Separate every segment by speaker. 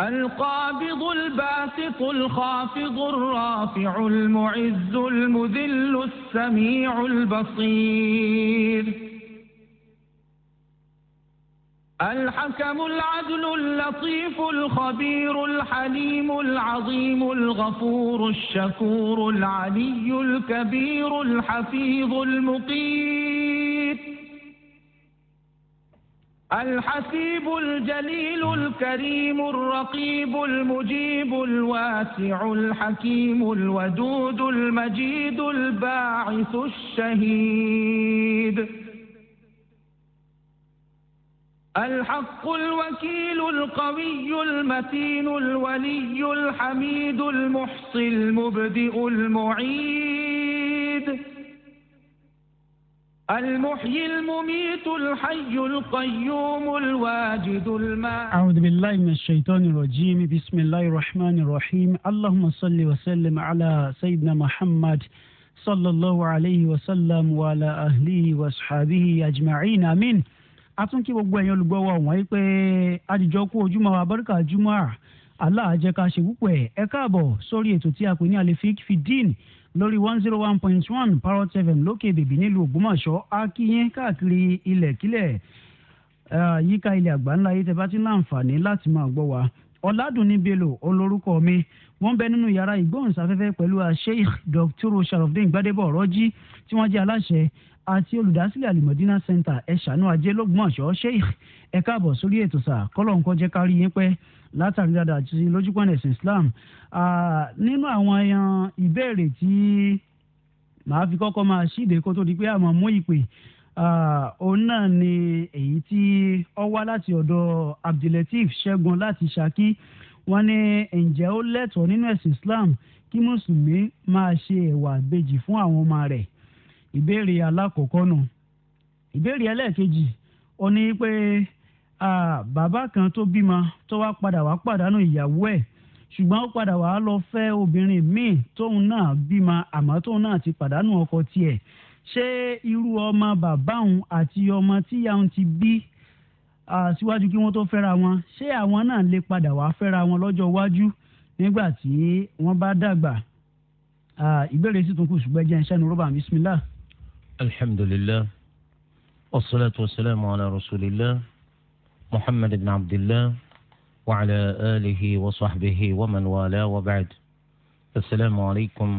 Speaker 1: القابض الباسط الخافض الرافع المعز المذل السميع البصير الحكم العدل اللطيف الخبير الحليم العظيم الغفور الشكور العلي الكبير الحفيظ المقيت الحسيب الجليل الكريم الرقيب المجيب الواسع الحكيم الودود المجيد الباعث الشهيد الحق الوكيل القوي المتين الولي الحميد المحصي المبدئ المعيد المحيي المميت الحي القيوم الواجد الماء
Speaker 2: أعوذ بالله من الشيطان الرجيم بسم الله الرحمن الرحيم اللهم صل وسلم على سيدنا محمد صلى الله عليه وسلم وعلى أهله وأصحابه أجمعين آمين atún kí gbogbo ẹ̀yin olùgbọ́wọ́ wọ̀nyí pé àdìjọ kú ojúmọ́ abáríkà júmọ́ aláàjẹká ṣe wúpọ̀ ẹ̀ ẹ káàbọ̀ sórí ètò tí a lórí one zero one point one parrot fm lókè bèbí nílùú ògbómọ̀ṣọ́ akínyìn káàkiri ilẹ̀kílẹ̀ yíká ilẹ̀ àgbáńlá yìí tẹ́ bá ti láǹfààní láti máa gbọ́ wa ọ̀làdùnní bello olórúkọ mi wọ́n bẹ nínú yàrá ìgbóhùnsáfẹ́fẹ́ pẹ̀lú sheikh dr sharafdin gbadebo ọ̀rọ́jì tí wọ́n jẹ́ aláṣẹ àti olùdásílẹ̀ alimọ̀dínà center ẹ̀ṣánú ajé lọ́gbọ̀nsọ̀ sheikh ẹ̀ka àbọ̀ sórí ètò sà kọ́lọ̀ kárí yín pẹ́ látàrí dáadáa àti lójúpọ̀nà ẹ̀sìn Islam nínú àwọn ẹyan ìbéèrè tí màá fi kọ́kọ́ máa ṣíde kó tó di pé àmọ́ mú ìpè òun náà ni èyí tí ó wá láti ọ̀dọ̀ Abdulateef Ṣẹ́gun láti Ṣakí wọ́n ní ǹjẹ́ ó lẹ́tọ̀ọ́ nínú ẹ̀sìn Islam kí mùsùlùmí máa ṣe ẹ̀wà àbejì fún àwọn ọmọ rẹ̀ ìbéèrè alákọ̀ọ́kọ́ nù ìbéèrè ẹlẹ́ẹ̀kejì ó ní pé bàbá kan tó bímọ tó wá padà wá pàdánù ìyàwó ẹ̀ ṣùgbọ́n ó padà wá lọ fẹ́ obìnrin míì tóun náà bímọ àmọ́ tóun náà ti pàdánù ọkọ tiẹ̀ ṣé irú ọmọ bàbá òun àti ọmọ tíyà òun ti bí síwájú kí wọ́n tó fẹ́ra wọn ṣé àwọn náà lè padà wá fẹ́ra wọn lọ́jọ́ iwájú nígbà tí wọ́n bá dàgbà ìbéèrè sì tún kù ṣùgbọ́n jẹ́ iṣẹ́ nu rọ́bà bismillah.
Speaker 3: alhamdulillah wassalatu wassalamu ala rasulillah. محمد بن عبد الله وعلى آله وصحبه ومن والاه وبعد السلام عليكم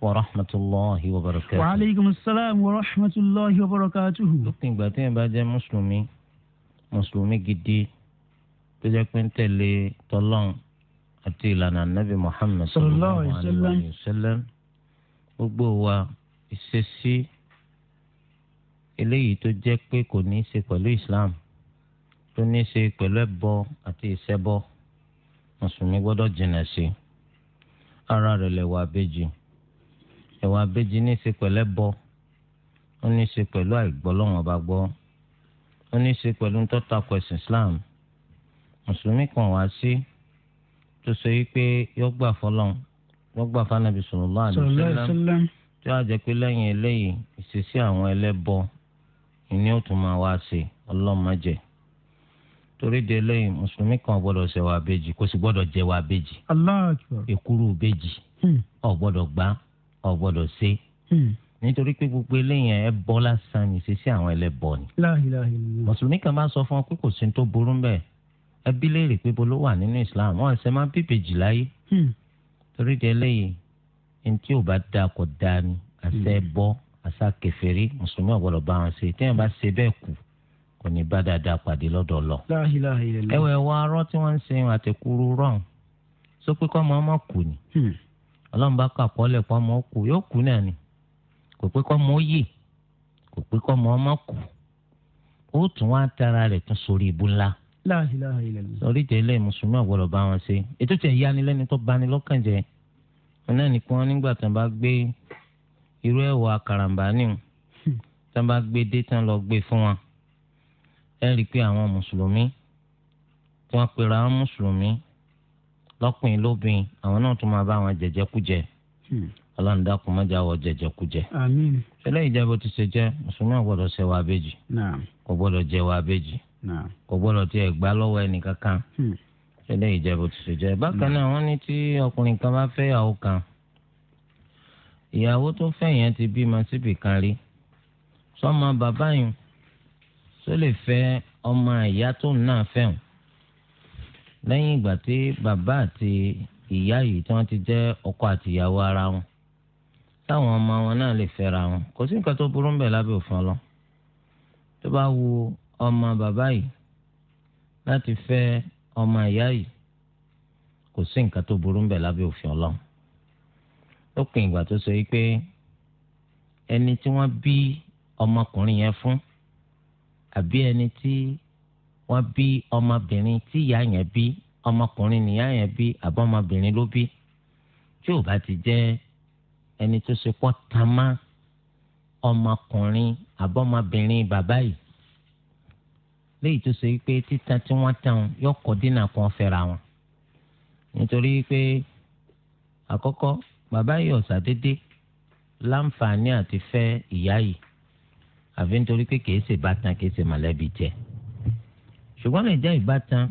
Speaker 3: ورحمة الله وبركاته وعليكم السلام ورحمة الله وبركاته لكن باتين باجا مسلمي مسلمي جدي تجاك من تلي طلان أتي لنا النبي محمد صلى الله عليه وسلم وبوا السيسي eléyìí tó jẹ́ pé kò tó ní í ṣe pẹ̀lú ẹbọ àti ìṣẹbọ mùsùlùmí gbọ́dọ̀ jìnnà sí ara rẹ̀ lẹ̀wà abéjì ẹ̀wà abéjì ní í ṣe pẹ̀lú ẹbọ ó ní í ṣe pẹ̀lú àìgbọ́lọ́wọ́n bá gbọ́ ó ní í ṣe pẹ̀lú tọ́takọ̀ ẹ̀sìn Islam mùsùlùmí kan wá sí tó sọ yìí pé yóò gbà fọlọ́n yóò fanabi sallallahu alaihi tí wàá jẹ́ pé lẹ́yìn eléyìí ìṣesí àwọn ẹlẹ́bọ ìní ó tún máa wá sí ọlọ́mọdé torí de lẹ́yìn mùsùlùmí kan gbọ́dọ̀ ṣe wà bẹ́jì kò sì gbọ́dọ̀ jẹ wà bẹ́jì. èkúrú bẹ́jì ọ̀ hmm. gbọ́dọ̀ gbá ọ̀ gbọ́dọ̀ ṣe. Hmm. nítorí pé gbogbo eléyìn ẹ bọ́ lásán ní ṣe sí àwọn ẹlẹ́bọ ni. mùsùlùmí kan bá sọ fún ọ pé kò sí tó burú bẹ́ẹ̀ ẹ bí léèrè pé bolo wà nínú Islam wọn ṣe máa bí bèjì láyé. Hmm. torí de lẹ́yìn ní tí ò bá dáa kò dáa ni àṣẹ bọ́ àṣà kèfèrí mùsùlùmí ọ̀ gbọ́dọ̀ bá wọn ṣe kò ní bá dáadáa pàdé lọ́dọ̀ lọ. ẹwẹ̀ wa arọ́ tí wọ́n ń sin àtẹ̀kùrú rọ̀n sọ pé kọ́ ọmọ ọmọ kù ni hmm. ọlọ́run bá kà pọ́lẹ̀ kọ́ ọmọ kù yóò kù náà ni kò pé kọ́ ọmọ yè kò pé kọ́ ọmọ ọmọ kù ó tún wá tara rẹ̀ tún sórí ibu ńlá. sọrí tẹ́lẹ̀ mùsùlùmí àgbọ̀dọ̀ bá wọn ṣe ètò tẹ̀ yanilẹ́ni tó bani lọ́kàn jẹ́ náà nìkan nígbà tí wọ́n bá gbé irú ẹ̀wọ̀ àkàràǹbá nìyẹn tí wọ́n bá gbé dé tí lọ gbé fún wọn ẹ rí i pé àwọn mùsùlùmí tí wọ́n pera àwọn mùsùlùmí lọ́kùnrin lóbìn àwọn náà tún máa bá àwọn jẹjẹkújẹ hmm. ọlọ́run dákun má jáwọ́ jẹjẹkújẹ. ṣẹlẹ̀ ìjẹ́bù ti ṣe jẹ́ mùsùlùmí ò gbọ́dọ̀ ṣe wá abéjì kò gbọ́dọ̀ jẹ wá abéjì kò gbọ́dọ̀ tiẹ̀ gbá lọ́wọ́ ẹnìkankan ṣẹlẹ̀ hmm. ìjẹ́bù ti ṣe jẹ́. bákan náà wọ́n ní tí ọkùnrin kan bá fẹ́ ìyàwó kan ìyàwó tó fẹ́ yẹn ti bímọ síbì kan rí sọ́mọ bàbá yìí tó lè fẹ́ ọmọ ìyá tó náà fẹ́hùn lẹ́yìn ìgbà tí bàbá àti ìyá yìí tí wọ́n ti jẹ́ ọkọ àti ìyàwó ara wọn táwọn ọmọ wọn náà lè fẹ́ra wọn kò sí nǹkan tó burú ń bẹ òfin ọlọ́ tó bá wu ọmọ bàbá yìí láti fẹ́ ọmọ ìyá yìí kò sí nǹkan tó burú ń bẹ òfin ọlọ́ lópin ìgbà tó sọ yìí pé ẹni tí wọ́n bí ọmọkùnrin yẹn fún àbí ẹni tí wọ́n bí ọmọbìnrin tí ìyá yẹn bí ọmọkùnrin nìyá yẹn bí àbọ̀mọbìnrin ló bí tí ò bá ti jẹ́ ẹni tó ṣe pọ́ tamá ọmọkùnrin àbọ̀mọbìnrin bàbá yìí léyìí tó ṣe pé títan tí wọ́n tàn yóò kọ́ dínà kan fẹ́ra wọn nítorí pé àkọ́kọ́ bàbá yìí ọ̀sà dédé láǹfààní àti fẹ́ ìyá yìí àfi nítorí pé kìí ṣe ìbátan kìí ṣe mọ̀lẹ́bí jẹ́ ṣùgbọ́n lè jẹ́ ìbátan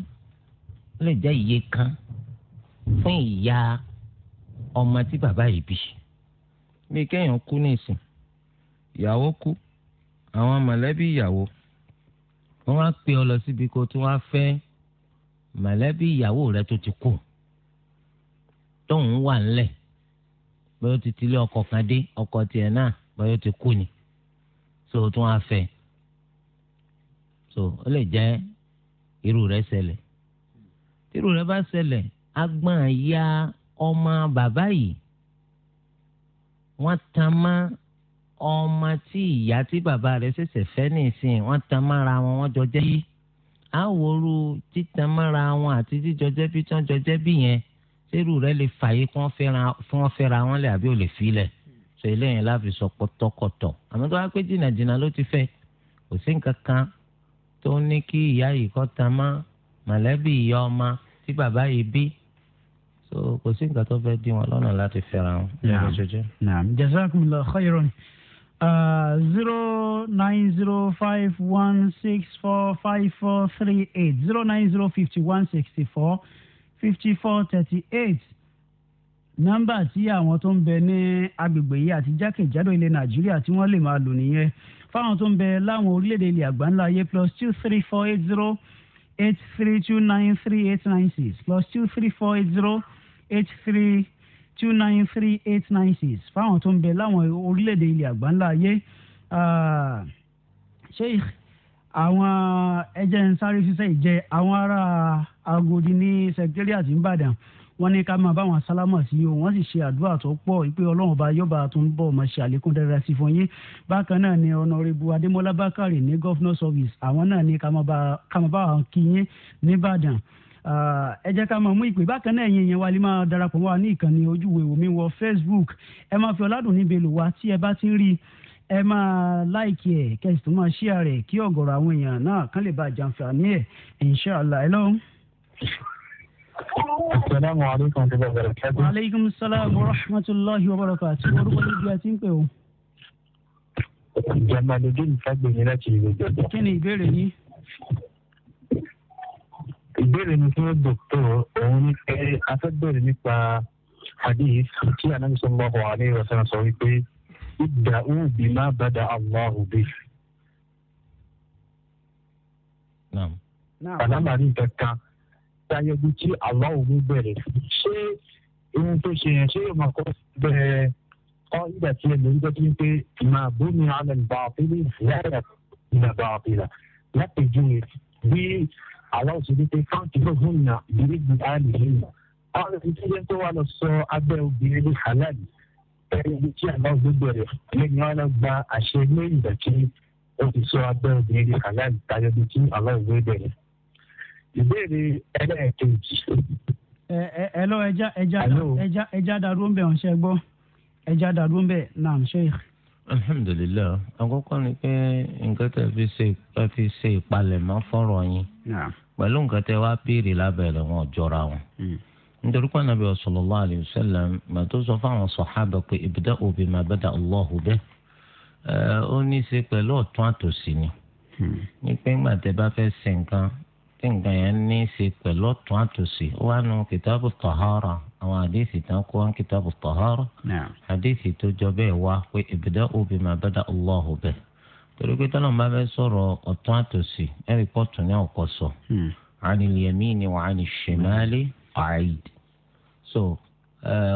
Speaker 3: ó lè jẹ́ iye kan fún ìyá ọmọ tí bàbá yìí bí bí kéèyàn kú ní ìsìn ìyàwó kú àwọn mọ̀lẹ́bí ìyàwó wọ́n wá pè ọ lọ síbi kó tí wọ́n á fẹ́ mọ̀lẹ́bí ìyàwó rẹ tó ti kú tóun wà ńlẹ̀ bóyá ó ti tilé ọkọ kan dé ọkọ tiẹ̀ náà bóyá ó ti kú ni so tún á fẹ́ so ó lè jẹ́ irú rẹ̀ ṣẹlẹ̀ irú rẹ̀ bá ṣẹlẹ̀ agbọ́n ya ọmọ bàbá yìí wọ́n tan má ọmọ tí ìyá tí bàbá rẹ̀ ṣẹ̀ṣẹ̀ fẹ́ nìsín wọ́n tan mára wọn wọ́n jọ jẹ́ yìí àwòrú títan mára wọn àti jíjọjẹ́ bí tán jọjẹ́ bí yẹn ṣerú rẹ̀ lè fààyè kí wọ́n fẹ́ra wọn lẹ̀ àbí ò lè fi lẹ̀ ṣe eléyìí láfi sọ pọtọkọtọ àmọ́ tó wá pé jìnnàjìnnà ló ti fẹ́ kò sí nǹkan kan tó ní kí ìyá yìí kọ́ ta mọ́ mọ̀lẹ́bí ìyá ọmọ tí bàbá yìí bí so kò sí nǹkan tó fẹ́ dí wọn lọ́nà láti fẹ́ra wọn. naam jazakumullahu khairan uh,
Speaker 2: zero nine zero five one six four five four three eight zero nine zero fifty one sixty four fifty four thirty eight nọ́mbà tí àwọn tó ń bẹ ní agbègbè yìí àti jákèjádò ilẹ̀ nàìjíríà tí wọ́n lè máa lò nìyẹn fáwọn tó ń bẹ láwọn orílẹ̀-èdè ilẹ̀ àgbáńlá ayé plus two three four eight zero eight three two nine three eight nine six plus two three four eight zero eight three two nine three eight nine six fáwọn tó ń bẹ láwọn orílẹ̀-èdè ilẹ̀ àgbáńlá ayé ah, sheikh àwọn ẹjẹ ń sáré ṣiṣẹ́ ìjẹ àwọn ará Agodi ní secretariat Ìbàdàn wọ́n ní ká máa bá wọn sálámà sí o wọ́n sì ṣe àdúrà tó pọ̀ pé ọlọ́run bá yọba tó ń bọ̀ máa ṣe àlékún dáadáa sí fún yín bákan náà ni ọ̀nàrẹ́bù adémọ́lá bákàrè ní gọ́fúnà service àwọn náà ni ká máa bá wọn kí yín nìbàdàn ẹ jẹ́ ká máa mú ìpè bákan náà ẹ̀yin ìyẹn wa lè máa darapọ̀ wá ní ìkànnì ojúwe omi wọ Facebook ẹ máa fi ọ̀làdùn níbi èlò wa tí ẹ bá ti rí ẹ máa láìkì ẹ̀ kẹ́sì tó máa ṣíà rẹ̀ kí ọ̀gọ̀rọ̀ àwọn èèyàn náà kán lè bá jàǹfààní ẹ̀ inshallah ẹ lọ́wọ́. Assalamu
Speaker 4: alaikum wa barakatuh. Wa
Speaker 2: alaikum salam wa rahmatullahi wa barakatuh. Orúkọ ló di àti ń pè o.
Speaker 4: Jamaludin Fagbemi láti ìlú Ìjọba. Kí ni ìbéèrè yín? Ìbéèrè mi fún dòkítọ̀ òun ni pé a fẹ́ bẹ̀rẹ̀ nípa hadith tí Ànábì sallallahu alaihi wa sallam sọ wípé idda'u bima bada Allahu bih. Àlámàrí nǹkan kan táyé ojú tí àlọ́ òun bẹ̀rẹ̀ ṣé ohun tó ṣe yẹn ṣé yóò máa kọ́ bẹ̀rẹ̀ kọ́ ìgbà tí ẹlòmí tó ti ń pé máa bómi alẹ́ gba àpélé ìyáàrá ìgbàgbọ́ àpèlà lápèjúwe bí àlọ́ òṣèlú pé káńtì náà fún ìnà ìdílé àlè yìí àwọn ìdílé tó wà lọ sọ abẹ́ obìnrin ní halali ẹni tí àlọ́ òṣèlú bẹ̀rẹ̀ lẹ́yìn wọn gba àṣẹ lẹ́yìn ìgbà tí ó ti sọ abẹ́ obìnrin ní halali tayọ tí àlọ́ òṣèlú bẹ̀rẹ̀
Speaker 3: ìbéèrè ẹlẹ́ẹ̀kejì.
Speaker 2: ẹ ẹ ẹ lọ ẹja ẹja ẹja ẹja dàrú ń bẹ̀ ọ̀n ṣe gbọ́ ẹja dàrú ń bẹ̀ naam sheikh.
Speaker 3: alhamdulilayi àkọ́kọ́ ni pé nǹkan tẹ́ fi ṣe ẹ fi ṣe ìpalẹ̀mọ́ fọ́rọ̀ yín pẹ̀lú nǹkan tẹ́ wá béèrè lábẹ́rẹ́ wọn jọra wọn hmm. nítorí pé anabi sallallahu alayhi wa sallam mà tó sọ fáwọn sọhábà pé ibda'u bima bada Allahu bih ó ní í ṣe pẹ̀lú ọ̀tún àtòsí ni hmm. ní pé ńgbà tẹ́ bá fẹ́ ṣe nǹkan tí nǹkan yẹn ní í ṣe pẹ̀lú ọ̀tún àtòsí ó wà nù kìtàbù tọ̀hárà àwọn àdéhìsì tán kó wọn kìtàbù tọ̀hárà àdéhìsì tó jọ bẹ́ẹ̀ wá pé ìbùdó òbí máa bẹ́dà ọlọ́ọ̀hù bẹ́ẹ̀ torí pé tọ́lọ́mù bá fẹ́ sọ̀rọ̀ ọ̀tún àtòsí ẹ̀rí pọ̀tù ní ọ̀kọ̀ sọ ànilẹ̀mí ni wà á ní ṣèmálé ọ̀àìd so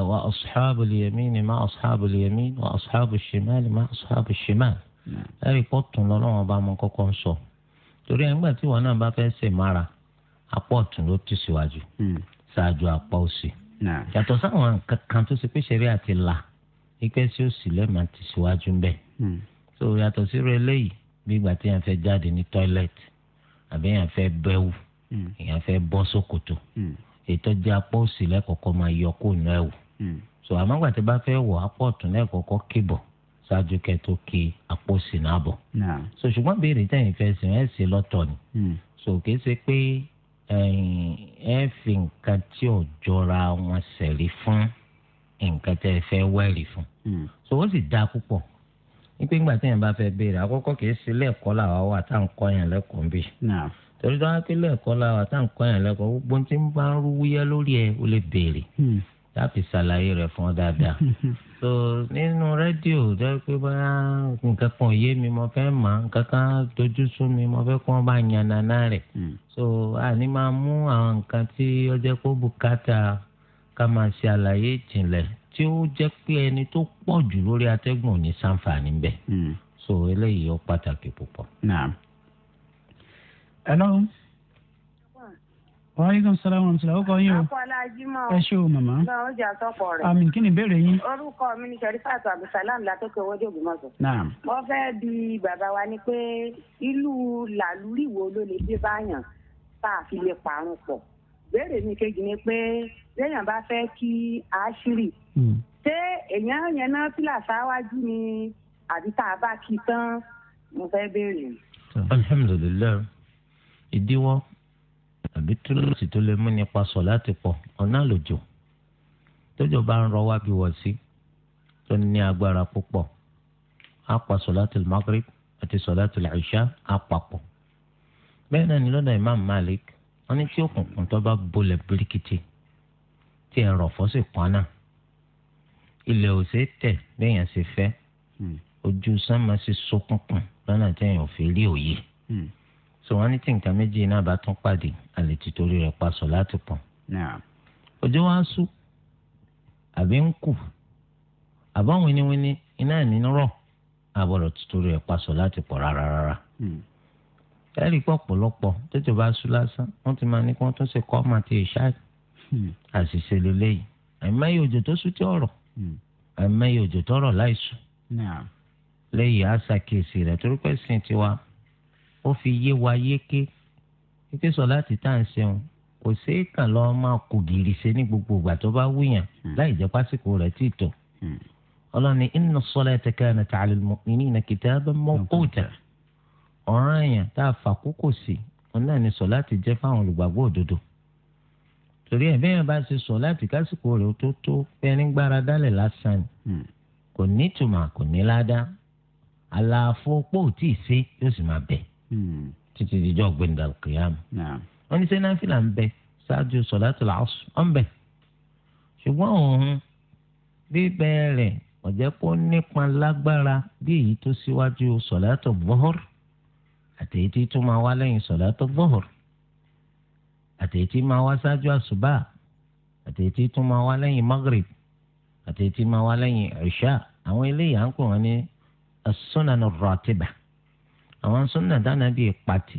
Speaker 3: wà ọ̀ṣáàbùlẹ̀mí ni má ọ̀ṣáàbùlẹ̀mí wà ọ̀ṣáàbùṣèmálé má ọ̀ṣáàbùṣèmálé ẹ̀rí pọ̀tù lọ́lọ́wọ́n bá mọ kọ́kọ́ ń torí ẹgbẹ́ tí wọn náà bá fẹ́ ṣe mára apá ọ̀tún ló ti síwájú hmm. ṣáájú apá òsì yàtọ̀ sáwọn nǹkan kan tó ṣe pé ṣeré àti là ipẹ́ sí òsì lẹ́ẹ̀ma ti síwájú ń bẹ̀ hmm. so yàtọ̀ sírò eléyìí bí ìgbà tí yàn fẹ́ jáde ní tọ́ílẹ̀tì àbí yàn fẹ́ bẹ́wù hmm. yàn fẹ́ bọ́ sókòtò ètò jẹ́ apá òsì lẹ́kọ̀ọ́kọ́ máa yọ kó nù ẹ̀wù so àmọ́gbà bá fẹ́ wọ̀ apá ọ̀tún lẹ́kọ̀ọ́kọ́ kébọ̀ ṣáájú kẹ tó ke àpò sinabu. so ṣùgbọ́n béèrè tẹ̀yìn fẹ́ sìn ẹ̀ ṣe lọ́tọ̀ ni. Hmm. so kìí ṣe pé ẹ fi nǹkan tí ò jọra wọn ṣẹ̀rí fún nǹkan tẹ́ ẹ fẹ́ wẹ̀rí fún. Hmm. so ó sì dáa púpọ̀ nígbà ìgbà tí yẹn bá fẹ́ béèrè àkọ́kọ́ kìí ṣe lẹ́ẹ̀kọ́ làwa wà tá à ń kọ́ yẹn lẹ́kọ̀ọ́ ń bì. torí táwọn akéwì ẹ̀kọ́ làwa tá à ń kọ́ yẹn lẹ́kọ̀ọ́ gbogbo tí ń bá ń rú wúyẹ́ lórí ẹ̀ ó lè béèrè hmm. láti ṣàlàyé rẹ̀ fún ọ dáadáa so nínú rédíò jẹ́ pé bóyá nǹkan kan yé mi mo fẹ́ mọ̀ nǹkan kan dojú sú mi mo fẹ́ kó wọn bá yan nana rẹ̀ hmm. so àní máa mú àwọn nǹkan tí ó jẹ́ kó bùkátà ká máa ṣe àlàyé ìjìnlẹ̀ tí ó jẹ́ pé ẹni tó pọ̀ jù lórí atẹ́gùn ò ní sàǹfààní bẹ́ẹ̀ hmm. so eléyìí ó pàtàkì púpọ̀. Hello
Speaker 2: waaleykum salaam wa rahmatulah ó kọ yín o.
Speaker 1: akọ́lá jimọ̀. ẹ ṣé o màmá. náà ó jà sọ́kọ̀ rẹ̀. àmì
Speaker 2: kí ni ìbéèrè yín.
Speaker 1: orúkọ mi ni sẹ́rífàtà abdulsalam látọ́kẹ́ owódé ògbómọ̀ṣọ́. naam. wọ́n fẹ́ bi bàbá wa ni pé ìlú làlúrì wo ló lè dé báyàn tá a fi lè parun pọ̀. béèrè mi kejì ni pé lẹ́yìn bá fẹ́ kí àṣírí. Hmm. ṣé èèyàn yẹn náà fìlà sáwájú ni àbí tá a bá kí tán mo fẹ́ béèrè.
Speaker 3: alhamdulilayi ìdíwọ́ àbí túlùsì tó lè mú nípa sọ láti pọ̀ ọ̀nà àlòjò tójò bá ń rọ wá bí wọ̀ sí tó ní agbára púpọ̀ á pa sọ̀látùl Maghrib àti sọ̀látùl Isha àpapọ̀ bẹ́ẹ̀ náà ni lọ́dọ̀ Imam Malik wọ́n ní tí òkùnkùn tó bá bolẹ̀ birikiti tí ẹ̀rọ̀fọ́ sì pọ́nà ilẹ̀ ò ṣe tẹ̀ bẹ́ẹ̀yàn ṣe fẹ́ hmm. ojú sánmà sí sókùnkùn lọ́nà tẹ̀yàn ò fi rí òye. Hmm sọ wọn ní tí nǹkan méjì náà bá tún pàdé àlè tìtorí rẹ̀ pa sọ láti pọ̀. òjò wa sú àbí ń kù àbá wíníwíní iná ẹ̀ nínú rọ̀ àbọ̀rọ̀ tìtorí rẹ̀ pa sọ láti pọ̀ rárá rárá. Hmm. ẹ̀rí pọ̀ pọ̀lọpọ̀ tètè bá sú lásán wọ́n ti máa ní kí wọ́n tún ṣe kọ́ máa ti ṣáà àṣìṣe lélẹ́yìí àìmọye òjò tó sú tí ọ̀rọ̀ hmm. àìmọye òjò tọ̀rọ̀ láìsùn lẹ́yìn àṣàkíyèsí rẹ̀ ó fi yé wa yéké títí sọlá ti tá à ń ṣeun kò sí kàn lọ́ọ́ máa kò gìrì ṣe ní gbogbo ìgbà tó bá wúyàn hmm. láì jẹ́ pásíkò rẹ̀ tì tó hmm. ọlọ́ni inna salata kanat ala al-mu'minina kitaban mawquta ọ̀ràn èèyàn tá a fà kókò sí òun náà ni sọ láti jẹ́ fáwọn olùgbàgbọ́ òdodo torí ẹ̀ bẹ́ẹ̀ bá ṣe sọ láti kásìkò rẹ̀ tó tó fẹ́rin gbára dálẹ̀ lásán ni hmm. kò ní tùmọ̀ Hmm. títí ìjọ gbẹndà kìyàmù. wọ́n ní sẹ́yìn náfìlà ń bẹ ṣáájú sọ̀láàtì làásù ọ̀n bẹ. ṣùgbọ́n òun bíbẹ̀ rẹ̀ ọ̀jẹ́ kó nípọn lágbára bí èyí tó síwájú sọ̀láàtì bọ́hùr àti èyí tó máa wá lẹ́yìn sọ̀láàtì bọ́hùr àti èyí tí máa wá ṣáájú àṣùbà àti èyí tó máa wá lẹ́yìn magrib àti èyí tí máa wá lẹ́yìn ìṣà àwọn eléyìí ń pè wọ́n ní as-sunan àwọn sunna dáná bíi pati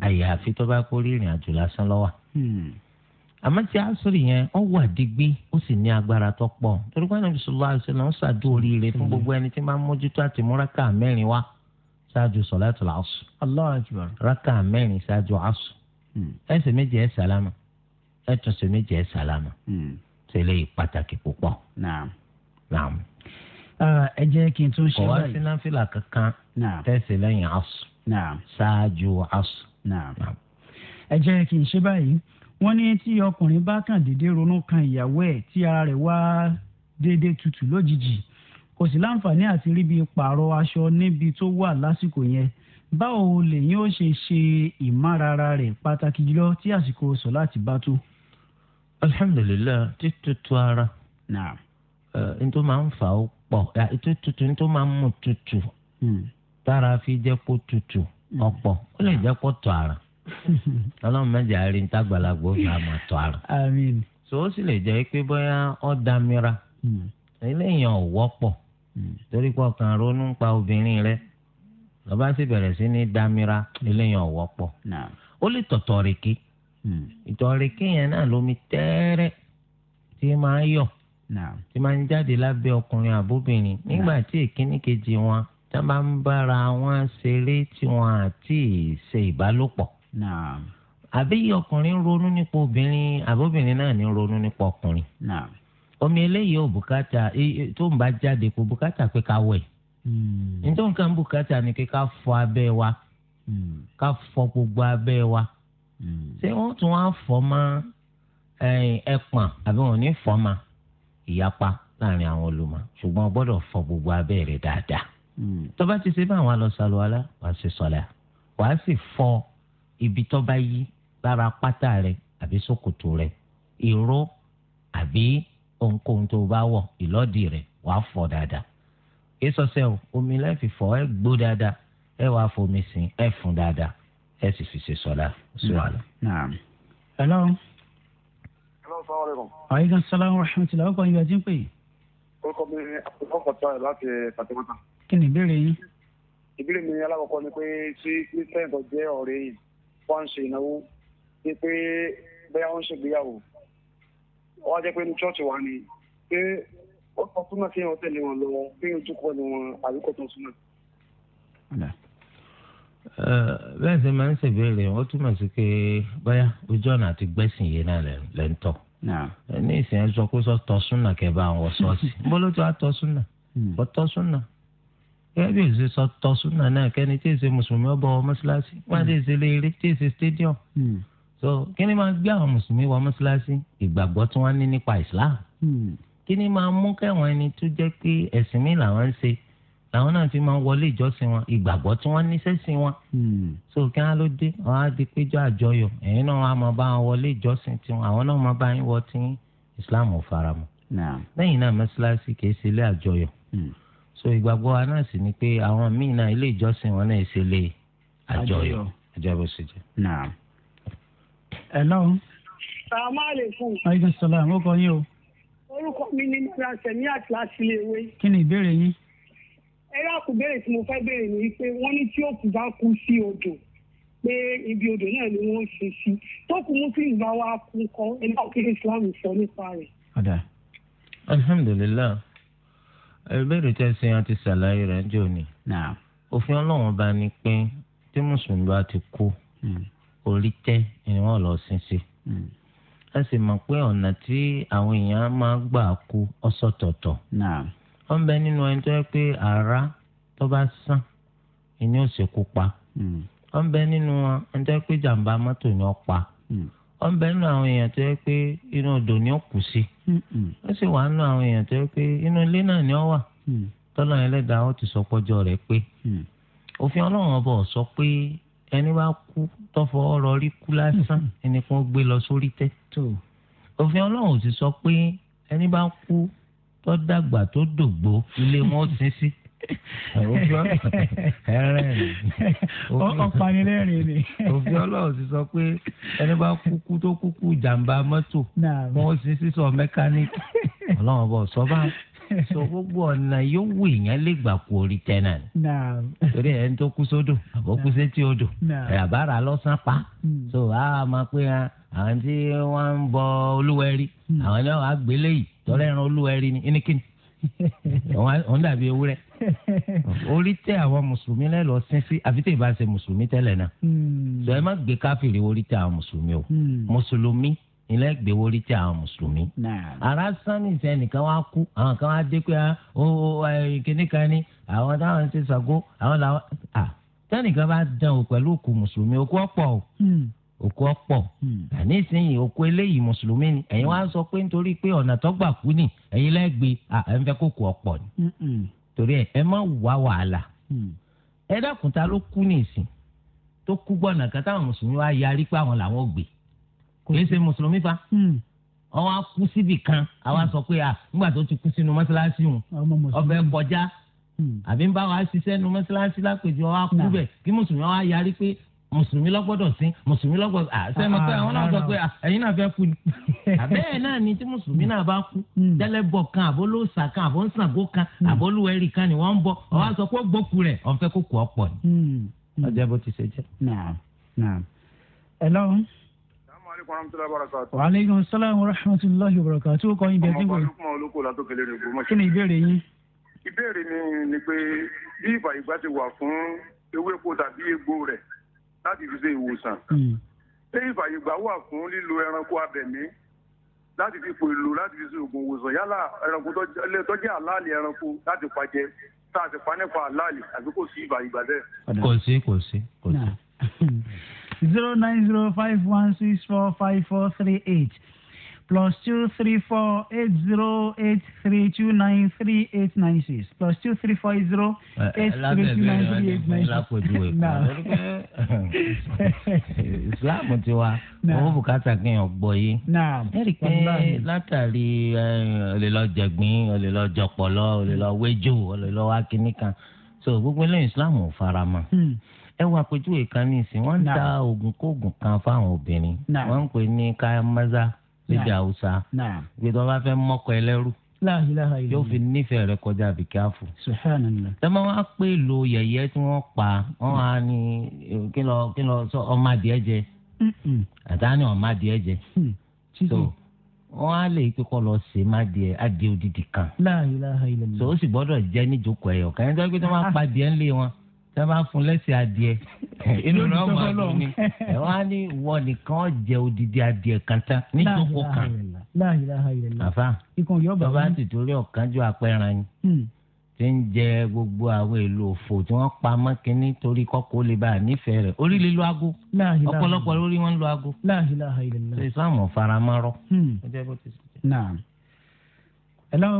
Speaker 3: àyàfi tó bá kó rírìn àjò lásán lọ́wọ́ hmm. àmọ́ tí asúrì yẹn ó wà digbí ó sì ní agbára tó pọ̀ torí pé oríire fún gbogbo ẹni tí máa ń mójútó àti wa. mẹ́rin wá ṣáájú sọ̀láàtù làásù rákà mẹ́rin ṣáájú àásù ẹsẹ̀ méjì ẹ̀ sàlámà ẹ̀tún ṣe méjì ẹ̀ sàlámà tẹ́lẹ̀ pàtàkì púpọ̀. Ah, ẹ jẹ́ kí n tún ṣe báyìí. tẹ̀sí lẹ́yìn asr ṣáájú asr. ẹ jẹ́
Speaker 2: kí n ṣe báyìí wọ́n ní tí ọkùnrin bá kàn déédé ronú kan ìyàwó ẹ̀ tí ara rẹ̀ wá déédé tutù lójijì kò sí láǹfààní àti ríbi pààrọ̀ aṣọ níbi tó wà lásìkò yẹn báwo lèyìn ó ṣe ṣe ìmárara rẹ̀ pàtàkì jùlọ
Speaker 3: tí àsìkò sọ̀láàtì bá tó. alhamdulilayi títútù ara n máa ń fà ó pọ̀ ètò tuntun máa ń mú tutù hmm. tára fi jẹ́ kó tutù ọ̀pọ̀ ó lè jẹ́ kó tọ̀ àrà ọlọ́run mẹ́jọ àárín tágbàlagbò tọ̀ àrà. so o sì lè jẹ́ pé bóyá ọ́ damira hmm. eléyìí ò wọ́pọ̀ hmm. torí pé ọkàn ronú pa obìnrin rẹ lọ́ba sì bẹ̀rẹ̀ sí ní damira eléyìí ò wọ́pọ̀ ó lè tọ̀tọ̀ rèké hmm. ìtọ̀rèké yẹn náà lómi tẹ́ẹ́rẹ́ tí máa yọ̀ tí máa ń jáde lábẹ́ ọkùnrin àbóbìnrin nígbà tí kejì wọn tí wọ́n bá ń bára wọn ṣeré tí wọ́n àti ṣe ìbálòpọ̀. àbí ọkùnrin ronú nípa obìnrin àbóbìnrin náà ní ronú nípa ọkùnrin. omi eléyìí ò bùkátà tó ń bá jáde kò bùkátà pé ká wẹ̀. nítorí hmm. nǹkan bùkátà ni pé ká fọ abẹ́ wa hmm. ká fọ gbogbo abẹ́ wa. Hmm. ṣé wọ́n tún wá fọ́ mọ́ ẹ̀pọ̀n àbí wọ́n ní fọ́ mọ́ ìyapa láàrin àwọn olùmọ̀ ṣùgbọ́n gbọ́dọ̀ fọ gbogbo abẹ́ rẹ̀ dáadáa. Hmm. tó bá ti ṣe bá àwọn alọ́sàlùwalá wàá ṣe sọ̀lá wàá sì fọ ibi tó bá yí lára pátá rẹ àbí ṣòkòtò rẹ ìró àbí ohunkóhun tó bá wọ̀ ìlọ́dì rẹ wàá fọ dáadáa ìsọsẹ o omi láìfi fọ ẹ gbó dáadáa ẹ wàá fomi sìn ẹ fún dáadáa ẹ sì fi ṣe sọ̀lá sí wàhálà. hello.
Speaker 4: hello salaam.
Speaker 3: aleykum salaam wa rahmatulah ọkọ ìyá jí ń
Speaker 2: pè.
Speaker 4: orúkọ mi ni àkókò kọta láti pàtẹ́wọ́tà
Speaker 2: kí ni ìbéèrè yín.
Speaker 4: ìbéèrè mi alákọ̀ọ́kọ́ ni pé tí christian tó jẹ́ ọ̀rẹ́ yìí wọ́n ń ṣe ìnáwó ni
Speaker 1: pé bẹ́ẹ̀ wọ́n ń ṣègbéyàwó wọ́n jẹ́ pé ní chọ́ọ̀chì wa ni pé ó sọ súnmọ́ kí wọ́n tẹ̀lé wọn lọ pé ojú kọ́ ni wọn àbíkọ́ tó súnmọ́.
Speaker 3: bẹ́ẹ̀ sì máa ń ṣèbéèrè wọ́n túmọ̀ sí pé báyà ojú ọ̀nà àti gbẹ̀sìn yìí náà lẹ́ńtọ̀ ní ìsìn ẹ̀ sọ pé sọ tọ́ súnà kẹ́ bá wọn sọ́ọ̀sì bó ló ti wá tọ́ súnà bó hmm. tọ́ súnà kẹ́bí ìṣe sọtọ súnà náà kẹ́ni tí èsè mùsùlùmí ọbọ mọ́ṣáláṣí wọ́n ti èsè léèrè tí èsè stadium. Hmm. so kí ni máa gbé àwọn mùsùlùmí wọ mọ́ṣáláṣí ìgbàgbọ́ tí wọ́n ní nípa islam. Hmm. kí ni máa mú kẹ́wọ̀n ẹni tó jẹ́ pé ẹ̀sìn mi làwọn ń ṣe làwọn náà fi máa wọlé ìjọsìn wọn ìgbàgbọ́ tí wọ́n níṣẹ́ sí wọn. Hmm. so kí wọ́n ló dé wọ́n á di péjọ àjọyọ̀ ẹ̀yin náà wọ́n á máa bá so ìgbàgbọ́ wa náà sì ni pé àwọn míì náà ilé ìjọsìn wọn náà ṣe lè àjọyọ̀ àjọyọ̀ sì jẹ́. hello. sàmàlẹ́kùn. aleykum salaam ó kọ yín o. orúkọ mi ni
Speaker 2: mọ̀láṣẹ̀ ní àtìláṣí léwé. kí ni ìbéèrè yín.
Speaker 1: ẹ dákun béèrè tí mo fẹ́ béèrè ni pé wọ́n ní tí òkú bá kú sí odò pé ibi odò náà ni wọ́n ṣe sí tó kù muslim bá wá kú kọ́ ẹ náà kí islam sọ nípa rẹ̀.
Speaker 3: ìbéèrè tẹ́ ṣe àti ti rẹ̀ ń jò ní. òfin ọlọ́run bá ní pé tí mùsùlùmí ti kú hmm. orí tẹ́ ni wọ́n lọ sin sí. ẹ hmm. sì mọ̀ pé ọ̀nà tí àwọn èèyàn máa gbà kú ọ̀sọ̀tọ̀tọ̀. ó ń bẹ nínú ẹni tó yẹ pé ara tó bá sàn ni ṣekú pa. Hmm. ó ń bẹ nínú ẹni tó ni ó wọn bẹ nínú àwọn èèyàn tó yẹ pé inú odò ni ó kù sí ó sì wà nínú àwọn èèyàn tó yẹ pé inú ilé náà ni ó wà mm. tọ́lá ẹlẹ́dàá ó ti sọ pọ́jọ́ rẹ̀ pé mm. òfin ọlọ́run ọba sọ pé ẹni bá kú tọ́fọ́ ọ̀rọ̀ rí kú lásán ẹni kan gbé lọ sórí tẹ́ òfin ọlọ́run ò sì sọ pé ẹni bá kú tó dàgbà tó dògbò ilé wọn ó sin sí ọ̀panilẹ́rìn ni. òfin ọlọ́run ti sọ pé ẹni bá kúkú tó kúkú jàǹbá mọ́tò wọ́n sì sísọ mẹkáníìkì ọlọ́run bọ̀ sọ́ba so gbogbo ọ̀nà yóò wù yẹn lè gbà kú orí tẹ́nà ni torí ẹni tó kú sódò àbọ̀ kú sétí odò àbára lọ́sàn pa hmm. so a máa pé àwọn tí wọ́n ń bọ olúwẹ̀rí hmm. àwọn náà àgbélé yìí tọ́lẹ́rìn olúwẹ̀rí ni ẹnikẹ́ni òun dàbí ewúrẹ́ orí tẹ àwọn mùsùlùmí lẹ́lọ́ sín sí àfi tẹ̀ bá ṣe mùsùlùmí tẹ́lẹ̀ náà sọ hmm. ẹ má gbé káfíìrì orí tẹ àwọn mùsùlùmí o hmm. mùsùlùmí ilẹ̀ gbéwó rí tí àwọn mùsùlùmí. ara sanni sẹ́ nìkan wá kú àwọn kan wá dé pé ó ah, kíní kan ní àwọn táwọn ṣe sago àwọn làwọn. tẹ́nìkan bá dán o pẹ̀lú òkú mùsùlùmí òkú ọ̀pọ̀ o hmm òkú ọ̀pọ̀ àní hmm. ìsinyìí òkú eléyìí mùsùlùmí ni ẹ̀yin hmm. wá sọ pé nítorí pé ọ̀nà tó gbà kú ni ẹ̀yin lẹ́gbẹ̀ẹ́ à ń fẹ́ kókó ọ̀pọ̀ ni hmm, torí ẹ ẹ má wá wàhálà ẹ dákun ta ló kú ní ìsìn tó kú gbọ́nà kan táwọn mùsùlùmí wá yarí pé àwọn làwọn gbé kò ní ṣe mùsùlùmí fa ọwọ́ kú síbì kan àwa sọ pé à nígbà tó ti kú sínú mọ́ṣáláṣí òun ọbẹ̀ kọjá àbí ń bá wa ṣiṣẹ́ nu mọ́ṣáláṣí lápèjọ wa kú bẹ̀ kí mùsùlùmí wa yarí pé mùsùlùmí lọ́gbọ́dọ̀ sí mùsùlùmí lọ́gbọ́dọ̀ àṣẹ ah, mọ̀ pé àwọn náà sọ ah, ah, pé ẹ̀yin náà fẹ́ kú ni. àbẹ́ẹ̀ náà ni tí mùsùlùmí náà bá kú hmm. tẹ́lẹ̀bọ̀ kan àbólóòsà kan àbóǹsàgó kan hmm. àbólúwẹ̀rì kan ni wọ́n ń bọ̀ ọ̀ wá sọ pé ó gbókù rẹ̀ ọ̀n fẹ́ kó kù ọ́ ni. ọjọ́ hmm. bó ti ṣe jẹ́. hello.
Speaker 4: wa
Speaker 2: aleykum salaam wa rahmatulahi wa barakatuh kọ́ yín bẹ́ẹ̀
Speaker 4: kí ni ìbéèrè yín. ìbéèrè mi ni pé bí ìfàyègbà ti wà fún ewéko tàbí egbò rẹ̀ láti fi ṣe ìwòsàn hmm. ṣé ìfàyègbà wà fún lílo ẹranko abẹ̀mí láti fi pò èlò láti fi ṣe oògùn ìwòsàn yálà ẹranko tó jẹ́ àlàálì ẹranko láti pàjẹ́ tá a ti pa nípa àlàálì àbí kò sí ìfàyègbà bẹ́ẹ̀.
Speaker 3: kò sí kò sí
Speaker 2: kò sí. zero nine zero five one six four five four three eight plus two three four eight zero eight three two nine three eight nine six plus two three four eight zero eh, eight three two nine three eight nine
Speaker 3: six. islam ti wa owó bùkátà kí n gbọ́ yìí. ẹ̀rí pé látàrí olèlọ́jẹ̀gbín olèlọ́jọpọ̀lọ́ olèlọ́wẹ́jọ olèlọ́wákíníkan so gbogbo eléyìí islam ò fara mọ́ hmm. ẹ wá àpèjúwe kan ní ìsìn wọ́n ń ta oògùn kóògùn kan fáwọn obìnrin wọ́n ń pè ní káyámẹ́sà níbi haúsá gbé tó bá fẹ́ mọ́kọ ẹlẹ́rú yóò fi nífẹ̀ẹ́ rẹ kọjá àbíkẹ́ àfò. tẹ́lẹ̀ wọ́n á pè lo yẹ̀yẹ́ tí wọ́n pa wọ́n á ní kí lọ kí lọ sọ ọmọ adìẹ jẹ àtàní ọmọ adìẹ jẹ hmm. wọn á lè pé kọ lọ ṣe má diẹ adìẹ odidi kan. láàyè láàyè lẹ́nu. sọ ó sì gbọ́dọ̀ jẹ́ níjókòó ẹ̀yọ̀ kẹ́yìn tó ń pè tó máa pa diẹ ńlẹ̀ wọn tẹ bá fún lẹ́sẹ̀ adìẹ inú rẹ ọmọ àdùn ni ẹ wá ní ìwọ nìkan jẹ odidi adìẹ kan tán ní ìjókòó kan
Speaker 2: àfa tọba
Speaker 3: ti torí ọ̀kan ju apẹran yín hmm. tí ń jẹ gbogbo àwọn èlò òfò tí wọ́n pa mọ́kínní torí kọ́kọ́ lè bá a nífẹ̀ẹ́ rẹ̀ orí lílo aago ọ̀pọ̀lọpọ̀ lórí wọn lo aago hmm. ṣe islam faramárọ́. hello.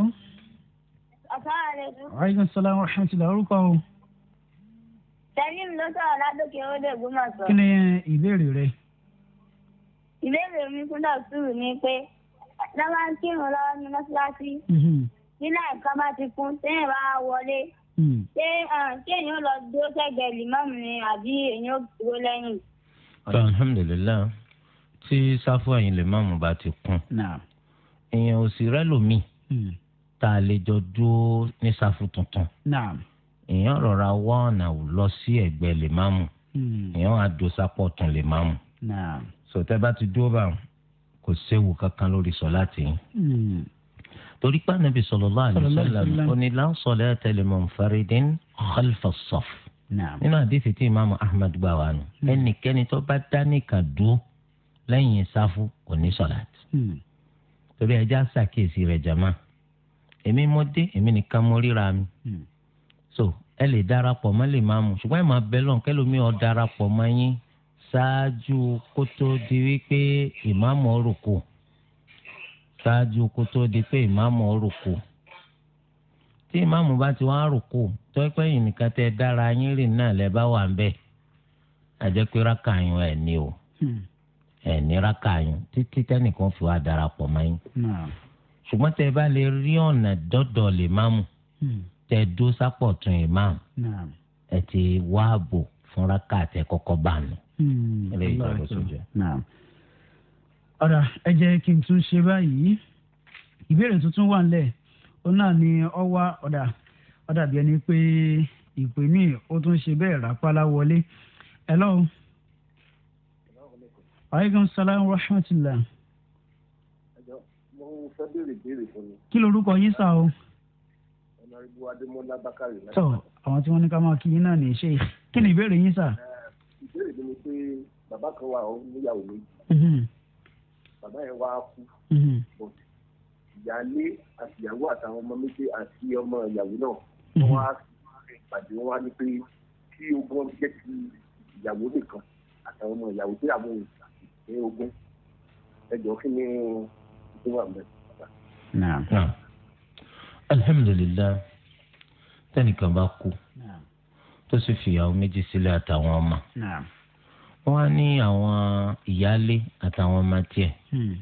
Speaker 1: asalaamualeykum. aleykum
Speaker 2: salaam wa rahmatulah orúkọ o.
Speaker 1: Salim ló sọ̀rọ̀ ládòkè Owódé Ògbómọ̀ṣọ́. Kí ni ìbéèrè rẹ? Ìbéèrè mi fún dọ̀túrù ni pé lọ́wọ́ ń kírun lọ́wọ́ ní mọ́ṣáláṣí. Nílẹ̀ mm-hmm. ẹ̀ka bá ti kún, sẹ́yìn bá wọlé. Mm. Ṣé ṣé èyí ó lọ dúró sẹ́gbẹ̀ẹ́ lìmọ́ọ̀mù ni àbí èyí ó dúró lẹ́yìn?
Speaker 3: Alhamdulillah tí sáfù ẹ̀yìn lìmọ́ọ̀mù bá ti kún. Èèyàn ò sì rẹ́lòmíì mm. tá a lè jọ dúró ní sáfù tuntun èèyàn rọra wá ọ̀nà lọ sí ẹ̀gbẹ́ lè má mu hmm. èèyàn á do sápọ̀ tún lè má mu sọtẹ́ bá ti dúró bá kò séwu kankan lórí sọ̀láàtì yín hmm. torí pé anabi sallallahu alaihi wasallam oní la salata liman faridin khalfa as-saff nínú àdéhùn tí imaamu ahmed gbà wá nù hmm. ẹnikẹ́ni tó bá dá nìkan dúró lẹ́yìn sáfù kò ní sọ̀láàtì torí ẹjẹ́ àṣàkíyèsí rẹ̀ jàmá èmi mọ́ dé èmi nìkan mọ́ ríra mi. Mm so ẹ lè darapọ̀ mọ́ lè máa mú ṣùgbọ́n ẹ máa bẹ lọ́n kẹ́lómi ọ̀ darapọ̀ mọ́ yín ṣáájú kó tó di wípé ìmáàmù ọ̀rùkù ṣáájú kó tó di pé ìmáàmù ọ̀rùkù tí ìmáàmù bá ti wá rùkù tó pẹ́ yìí nìkan tẹ dára yín rìn náà lẹ bá wà ń bẹ̀ àjẹpé rákàyún ẹ̀ ní o hmm. ẹ̀ ní rákàyún títí tẹ́nìkan fi wá darapọ̀ mọ́ yín ṣùgbọ́n tẹ bá lè rí ọ̀nà dọ́dọ̀ lè máàmù tẹ dó sápọ̀ tún imam ẹ ti wá ààbò fúnra káàtẹ kọ́kọ́ bá nù. Hmm, ọ̀rọ̀
Speaker 2: ẹ jẹ́ kí n tún ṣe báyìí ìbéèrè tuntun wà nílẹ̀ ó náà ni ọ wá ọ̀dà ọ̀dà bí ẹni pé ìpè mí ó tún ṣe bẹ́ẹ̀ rápálá wọlé. hello. aleykum salaam wa rahmatulah.
Speaker 4: kí lorúkọ yín sá o ariwo adémọlá bákàrè. tọ
Speaker 2: àwọn tí wọn ní ká máa kí náà nìyí kí ni ìbéèrè yín sà.
Speaker 4: Eh, ìbéèrè mi ni pé bàbá kan wà ó níyàwó méjì mhm. bàbá yẹn wá kú mhm. ìyáálé àtìyàwó àtàwọn ọmọ méjì àti ọmọ ìyàwó náà mhm. wọn wá ìpàdé wọn wá ní pé kí ogún jẹ ti ìyàwó nìkan àtàwọn ọmọ ìyàwó tí àwọn òòṣà ní ogún ẹjọ kí ni ìdíwà mẹ.
Speaker 3: alhamdulilayi tẹnìkan bá kú tó sì fìyàwó méjì sílẹ̀ àtàwọn ọmọ wọn á ní àwọn ìyáálé àtàwọn ọmọ tiẹ̀ hmm.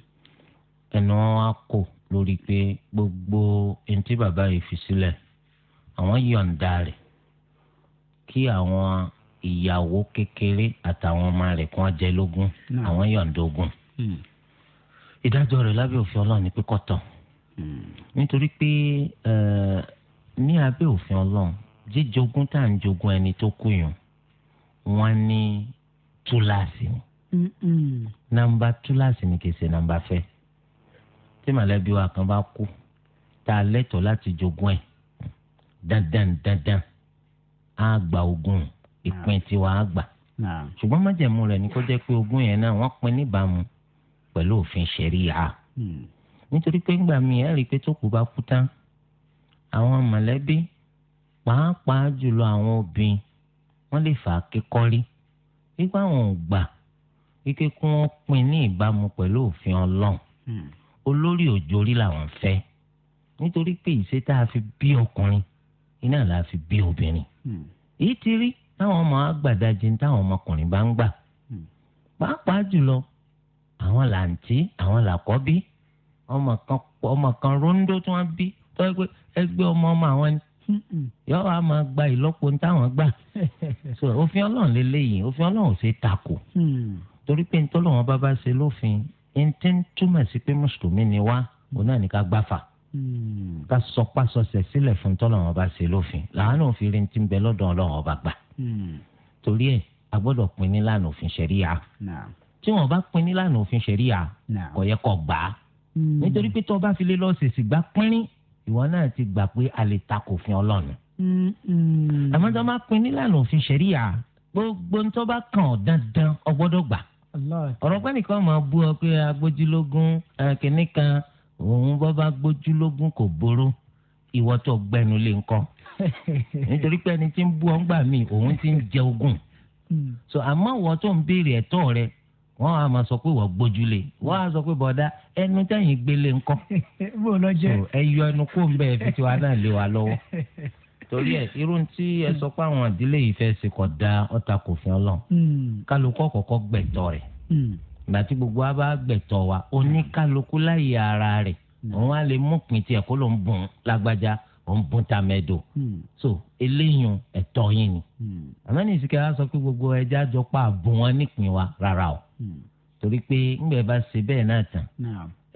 Speaker 3: ẹnu wọn á kò lórí pé gbogbo ẹni tí bàbá yìí fi sílẹ̀ àwọn yọ̀ǹda rẹ̀ kí àwọn ìyàwó kékeré àtàwọn ọmọ rẹ̀ kàn jẹ lógún àwọn yọ̀ǹda ogún hmm. ìdájọ́ rẹ̀ lábẹ́ òfin Ọlọ́run ni pé kọtọ hmm. nítorí pé eh, ní abẹ́ òfin ọlọ́run jíjogún tá à ń jogún ẹni tó kú yàn wọ́n ní túláàsì ni nàmbà túláàsì ni kìí ṣe nàmbà fẹ́ tí màlẹ́bí wa kan bá kú tá a lẹ́tọ̀ọ́ láti jogún ẹ̀ dandan dandan á gba ogún ìpín tiwa á gbà ṣùgbọ́n májẹ̀mú rẹ̀ ni kó jẹ́ pé ogún yẹn náà wọ́n pín níbàámu pẹ̀lú òfin ṣẹ̀ríyà hmm. nítorí pé ńgbà míì ẹ̀ rí i pé tó kù bá kú tán àwọn mọ̀lẹ́bí pàápàá jùlọ àwọn obìnrin wọ́n lè fà á kékọ́rí wípé àwọn ò gbà wípé kí wọ́n pín ní ìbámu pẹ̀lú òfin ọlọ́run hmm. olórí òjòrí làwọn fẹ́ nítorí pé ìṣe tá a fi bí ọkùnrin iná la fi bí obìnrin hmm. èyí ti rí táwọn ọmọ agbàdajì táwọn ọmọkùnrin bá ń gbà hmm. pàápàá jùlọ àwọn làǹtí àwọn làkọ́bí ọmọ kan rondo tí wọ́n bí tọ́jú pé ẹgbẹ́ ọmọ ọmọ àwọn ni yọ wa máa gba ìlọ́po táwọn gbà so òfin ọlọ́run lélẹ́yìn òfin ọlọ́run ò ṣe takò mm. torí pé ntọ́lọ́ wọn bá bá ṣe lófin ntí ń túmọ̀ sí pé mùsùlùmí ni wá òun náà ní ká gbáfà mm. ká sọpá sọsẹ̀ sílẹ̀ fún ntọ́lọ́ wọn bá ṣe lófin làánú òfin rí ti ń bẹ lọ́dọ̀ ọlọ́run ọba gbà mm. torí ẹ̀ a gbọ́dọ̀ pin nílànà òfin ṣẹ̀ríya tí wọn bá pin nílànà òfin ṣẹ̀ríya kò yẹ kó gbà nítorí pé tó o bá fi lé lọ́ọ̀sì sì gbá pínrín ìwọ náà ti gbà pé a lè takò fún ọlọ́run. àmọ́ tó máa pin nílànà òfin ṣẹ̀ríyà gbogbo tó bá kàn ọ́ dandan o gbọ́dọ̀ gbà. ọ̀rọ̀ pẹ́ nìkan máa bú ọ pé agbójúlógún kìnnì kan òun bọ́ bá gbójúlógún kò boró ìwọ tó gbẹnu lé ńkọ́ nítorí pé ẹni tí ń bú ọ ń gbà mí òun ti ń jẹ ogún. Mm. so àmọ́ ìwọ tó ń béèrè ẹ̀tọ́ rẹ wọ́n á máa sọ pé wọ́n gbójúlé wọ́n á sọ pé bọ̀dá ẹnu tẹ̀yìn gbélé ńkọ́ ẹ yọ ẹnu kó ń fi tiwa náà lé wa lọ́wọ́ torí ẹ irú tí ẹ sọ pé àwọn àdílé yìí fẹ́ ṣe kọ̀ da ọ̀tà kò fi ọlọ́run hmm. kálukọ́ kọ̀ọ̀kọ́ gbẹ̀tọ̀ rẹ̀ hmm. ìgbà tí gbogbo wa bá gbẹ̀tọ̀ wa oníkálukú láyé ara rẹ̀ hmm. òun á lè mú pin tiẹ̀ kó ló ń bùn lágbájá òun bùn tàmẹ́dò so eléyìn ẹ̀tọ́ yín ni àmọ́ ní ìsìkẹ́ wa sọ pé gbogbo ẹja jọ pa àbùn wọn nípìn Hmm. torí pé ńgbẹ bá ṣe bẹ́ẹ̀ náà tán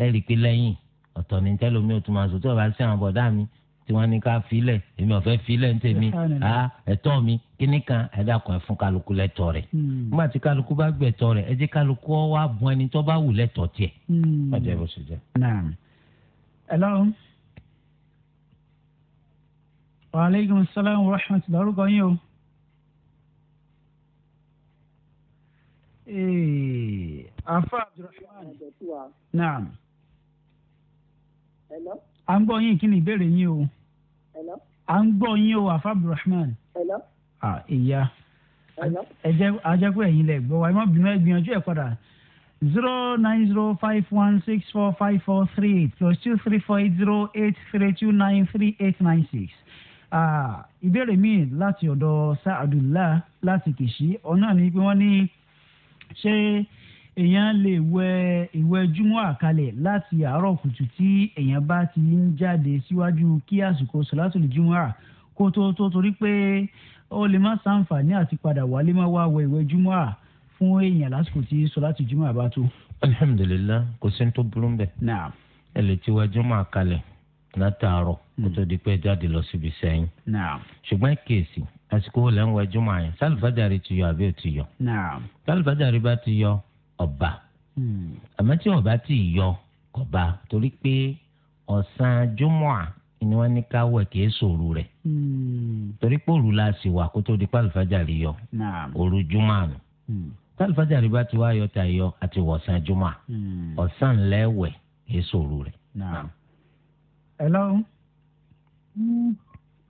Speaker 3: ẹ rí i pé lẹ́yìn ọ̀tọ̀ ní tẹ́lómi ò tún máa sọ tí wọ́n bá ṣe àwọn bọ̀dá mi tí wọ́n ní ká filẹ̀ èmi ọ̀fẹ́ filẹ̀ ń tèmi a ah, ẹ̀tọ́ mi kíní kan ẹ̀dá kan fún kálukú lẹ́tọ̀ rẹ̀ hmm. nígbà tí kálukú bá gbẹ̀tọ̀ rẹ̀ ẹ jẹ́ kálukú wá bùn ẹni tó bá wù lẹ́tọ̀ tiẹ̀. ọjọ́ ìbò sì jẹ́.
Speaker 2: hello. wa aleykum salaam wa rahmatulah orúkọ yín Eh, afa abdulrahman naam. hello. à ń gbọ́ yín kí o. hello. ń o afa abdulrahman. hello. ah ìyá. hello. ẹ pé lẹ gbọ́ wa ẹ má gbìyànjú ẹ padà zero nine zero five one six four five plus two three four eight zero eight three two nine three eight nine six. ìbéèrè míì láti ọ̀dọ̀ láti ọ̀nà ni pé wọ́n ní. ṣé èèyàn lè wẹ ìwẹ̀ júmọ́ àkàlẹ̀ láti àárọ̀ kùtù tí èèyàn bá ti ń jáde síwájú kí àsìkò sọ̀látùlù júmọ́ à kó tó tó torí pé ó lè má sàǹfààní àti padà wálé má wá wẹ ìwẹ̀ júmọ́ à fún èèyàn lásìkò tí sọ̀látùlù júmọ́ à bá tó.
Speaker 3: alihamudulilayi kò sí ní tó burú ń bẹ. ẹ lè ti wẹ̀ júmọ́ àkàlẹ̀ látàárọ̀ kó tó hmm. di pé jáde lọ síbi sẹ́yìn. ṣùgbọ́n kíyèsí àsìkò lẹ́ ń wẹ jùmọ̀ àyàn sálùfájàrí ti yọ àbí ò ti yọ. sálùfájàrí bá ti yọ ọba hmm. àmọ́ tí ọba ti yọ ọba torí pé ọ̀sán jùmọ̀ à ni wọ́n ní ká wẹ̀ kí èsòrò rẹ̀ hmm. torí pé òru la sì wà kó tó di pálùfájàrí yọ òru jùmọ̀ àná hmm. sálùfájàrí bá ti wá yọ ta yọ àti wọ̀sán jùmọ̀ à ọ̀sán lẹ́wẹ̀ èsòrò rẹ̀. ẹ lọ́rùn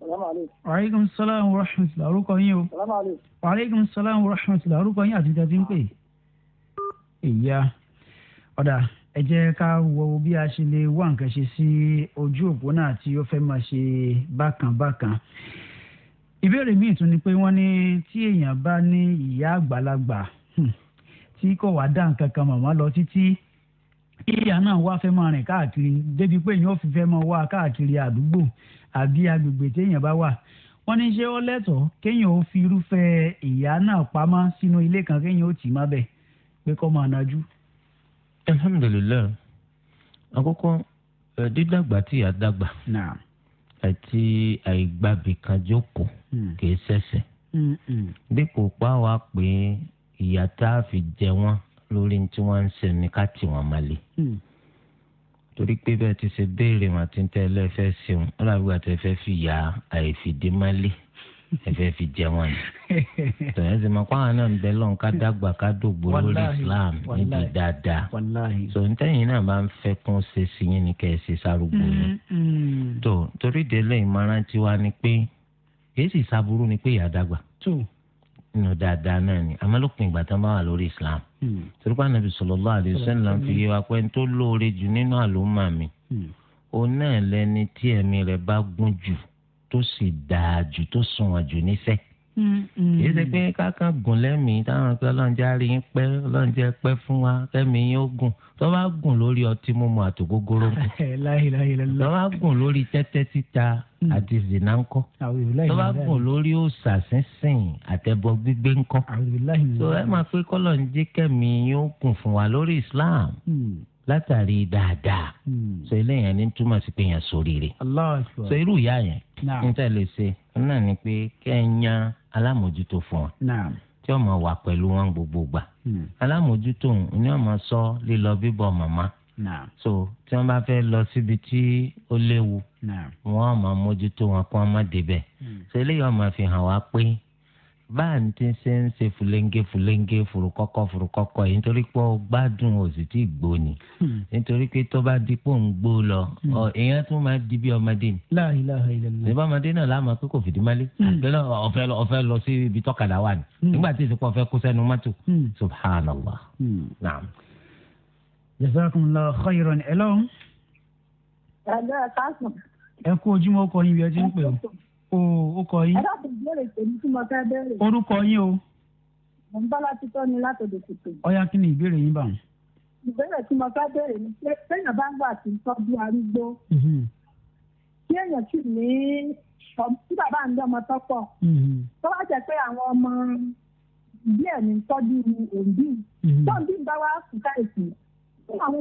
Speaker 2: wàhálẹ́kùn sálàmù rahmatulah orúkọ yín o wàhálẹ́kùn sálàmù rahmatulah orúkọ yín àti ìdájí ń pè ìyá ọ̀dà ẹ jẹ́ ká wo bí a ṣe lè wá nǹkan ṣe sí ojú òpó náà tí ó fẹ́ máa ṣe bákan bákan ìbéèrè míì tún ni pé wọ́n ní tí èèyàn bá ní ìyá àgbàlagbà hmm, tí kò wá dá nǹkan kan màmá lọ títí ìyá náà wá fẹ́ máa rìn káàkiri débi pé èèyàn ò fi fẹ́ máa wá káàkiri àdúgbò àbí agbègbè téèyàn bá wà wọ́n ní ṣé ó lẹ́tọ̀ọ́ kéèyàn ó fi irúfẹ́ ìyá náà pamọ́ sínú ilé kan kéèyàn ó tì má bẹ̀ pé kó máa najú.
Speaker 3: alhamdulilayi àkọ́kọ́ dídàgbà tí ìyá dàgbà àti àìgbàbìkanjókòó hmm. kìí ṣẹ̀ṣẹ̀ hmm, hmm. dípò páwa pé ìyá tá fi jẹ wọ́n lórí tí wọ́n ń ṣe ní ká tì wọ́n le. Mm torí pé bẹ́ẹ̀ ti ṣe béèrè wọn àti tẹ́ ẹlẹ́fẹ́ ṣeun wọn làbí wà tẹ́ fẹ́ fi ya àìfìdímálé ẹfẹ́ fi jẹ wọn ni. tọ̀yẹ́ sì máa pààrọ̀ náà ń bẹ lọ́n ká dàgbà ká dògbò lórí Islam níbi dáadáa. tó ń tẹ́yìn náà bá ń fẹ́ kún ṣe sí yín ni kẹ́ ẹ ṣe sárúgbó ni.
Speaker 5: Mm, mm.
Speaker 3: tó torí délé ìmọ̀ràn tiwa ni pé èsì sábúrú ni pé ìyá dàgbà nínú dáadáa náà ni àmọ́ lópin ìgbà tó máa wà lórí islam hmm. torípa nàbì sallallahu alaihi wasallam fi yé wa pé ń tó lóore jù nínú àlùmọ́ mi hmm. òun náà lẹni tí ẹ̀mí rẹ̀ bá gún jù tó sì dáa jù tó sunwọ̀n jù níṣẹ́ Mm-hmm. kì í ṣe pé kákan gùn lẹ́mìí táwọn pé ọlọ́njẹ́ á rí yín pẹ́ ọlọ́njẹ́ pẹ́ fún wa kẹ́mìí yín ó gùn tó bá gùn lórí ọtí mímu àtògógóró ńkọ́ tó bá gùn lórí tẹ́tẹ́ títa mm. àti zina ńkọ́ tó bá gùn lórí òòṣà sínsìn àtẹ̀bọ gbígbé ńkọ́ tó ẹ máa pé kọ́lọ́njẹ́ kẹ́mìí yín ó gùn fún wa lórí Islam mm. látàrí dáadáa
Speaker 5: mm.
Speaker 6: so
Speaker 3: eléyàn ní túmọ̀ sí pé yẹn sóríire so irú ìyá yẹn níta lè ṣe náà ni pé kẹ́ńyà alámòjútó fún ọ tí ó máa wà pẹ̀lú wọn gbogbo gbà hmm. alámòjútó ni ó máa sọ lílọ bíbọ̀ màmá so tí wọ́n bá fẹ́ lọ síbi tí ó léwu wọ́n máa mójútó wọn kó wọ́n má débẹ̀ hmm. so eléyìí ó máa fi hàn wá pé bá à ń ti ṣe ń ṣe fúlẹ́ńgé fúlẹ́ńgé furukọ́kọ́ furukọ́kọ́ yìí nítorí pé ó gbádùn ó sì tí ì gbó ni hmm. nítorí pé tó bá di pò ń gbó lọ hmm. èèyàn tún máa di bí ọmọdé ni. La ilaha illallah. ṣé bá ọmọdé náà láàmú pé kò fìdí málé ọ̀fẹ́ hmm. lọ ọ̀fẹ́ lọ sí ibi tọ́kadà wà ní nígbà tí ìsìnkú ọ̀fẹ́ kó sẹ́nu mọ́tò subhanallah. naam.
Speaker 2: jazakumullahu khairan ẹ
Speaker 1: lọ́wọ́
Speaker 2: o kọ yín. ẹ láti
Speaker 1: béèrè tèmi tí mo fẹ́ béèrè. orúkọ yín o.
Speaker 2: mo ń bá láti tọ́ ni látòdò kòtò. ọ̀yá kí ni ìbéèrè yín bá wọn. ìbéèrè
Speaker 1: tí mo fẹ́ béèrè ni pé téèyàn bá ń gbà tí ń tọ́jú arúgbó. Mhm. tí èèyàn sì ní tí bàbá ń dán ọmọ tó pọ̀. Mhm. tó bá jẹ́ pé àwọn ọmọ díẹ̀ ní tọ́jú òǹdí. Mhm. tó ń dín bá wá sùn káyìsì fún àwọn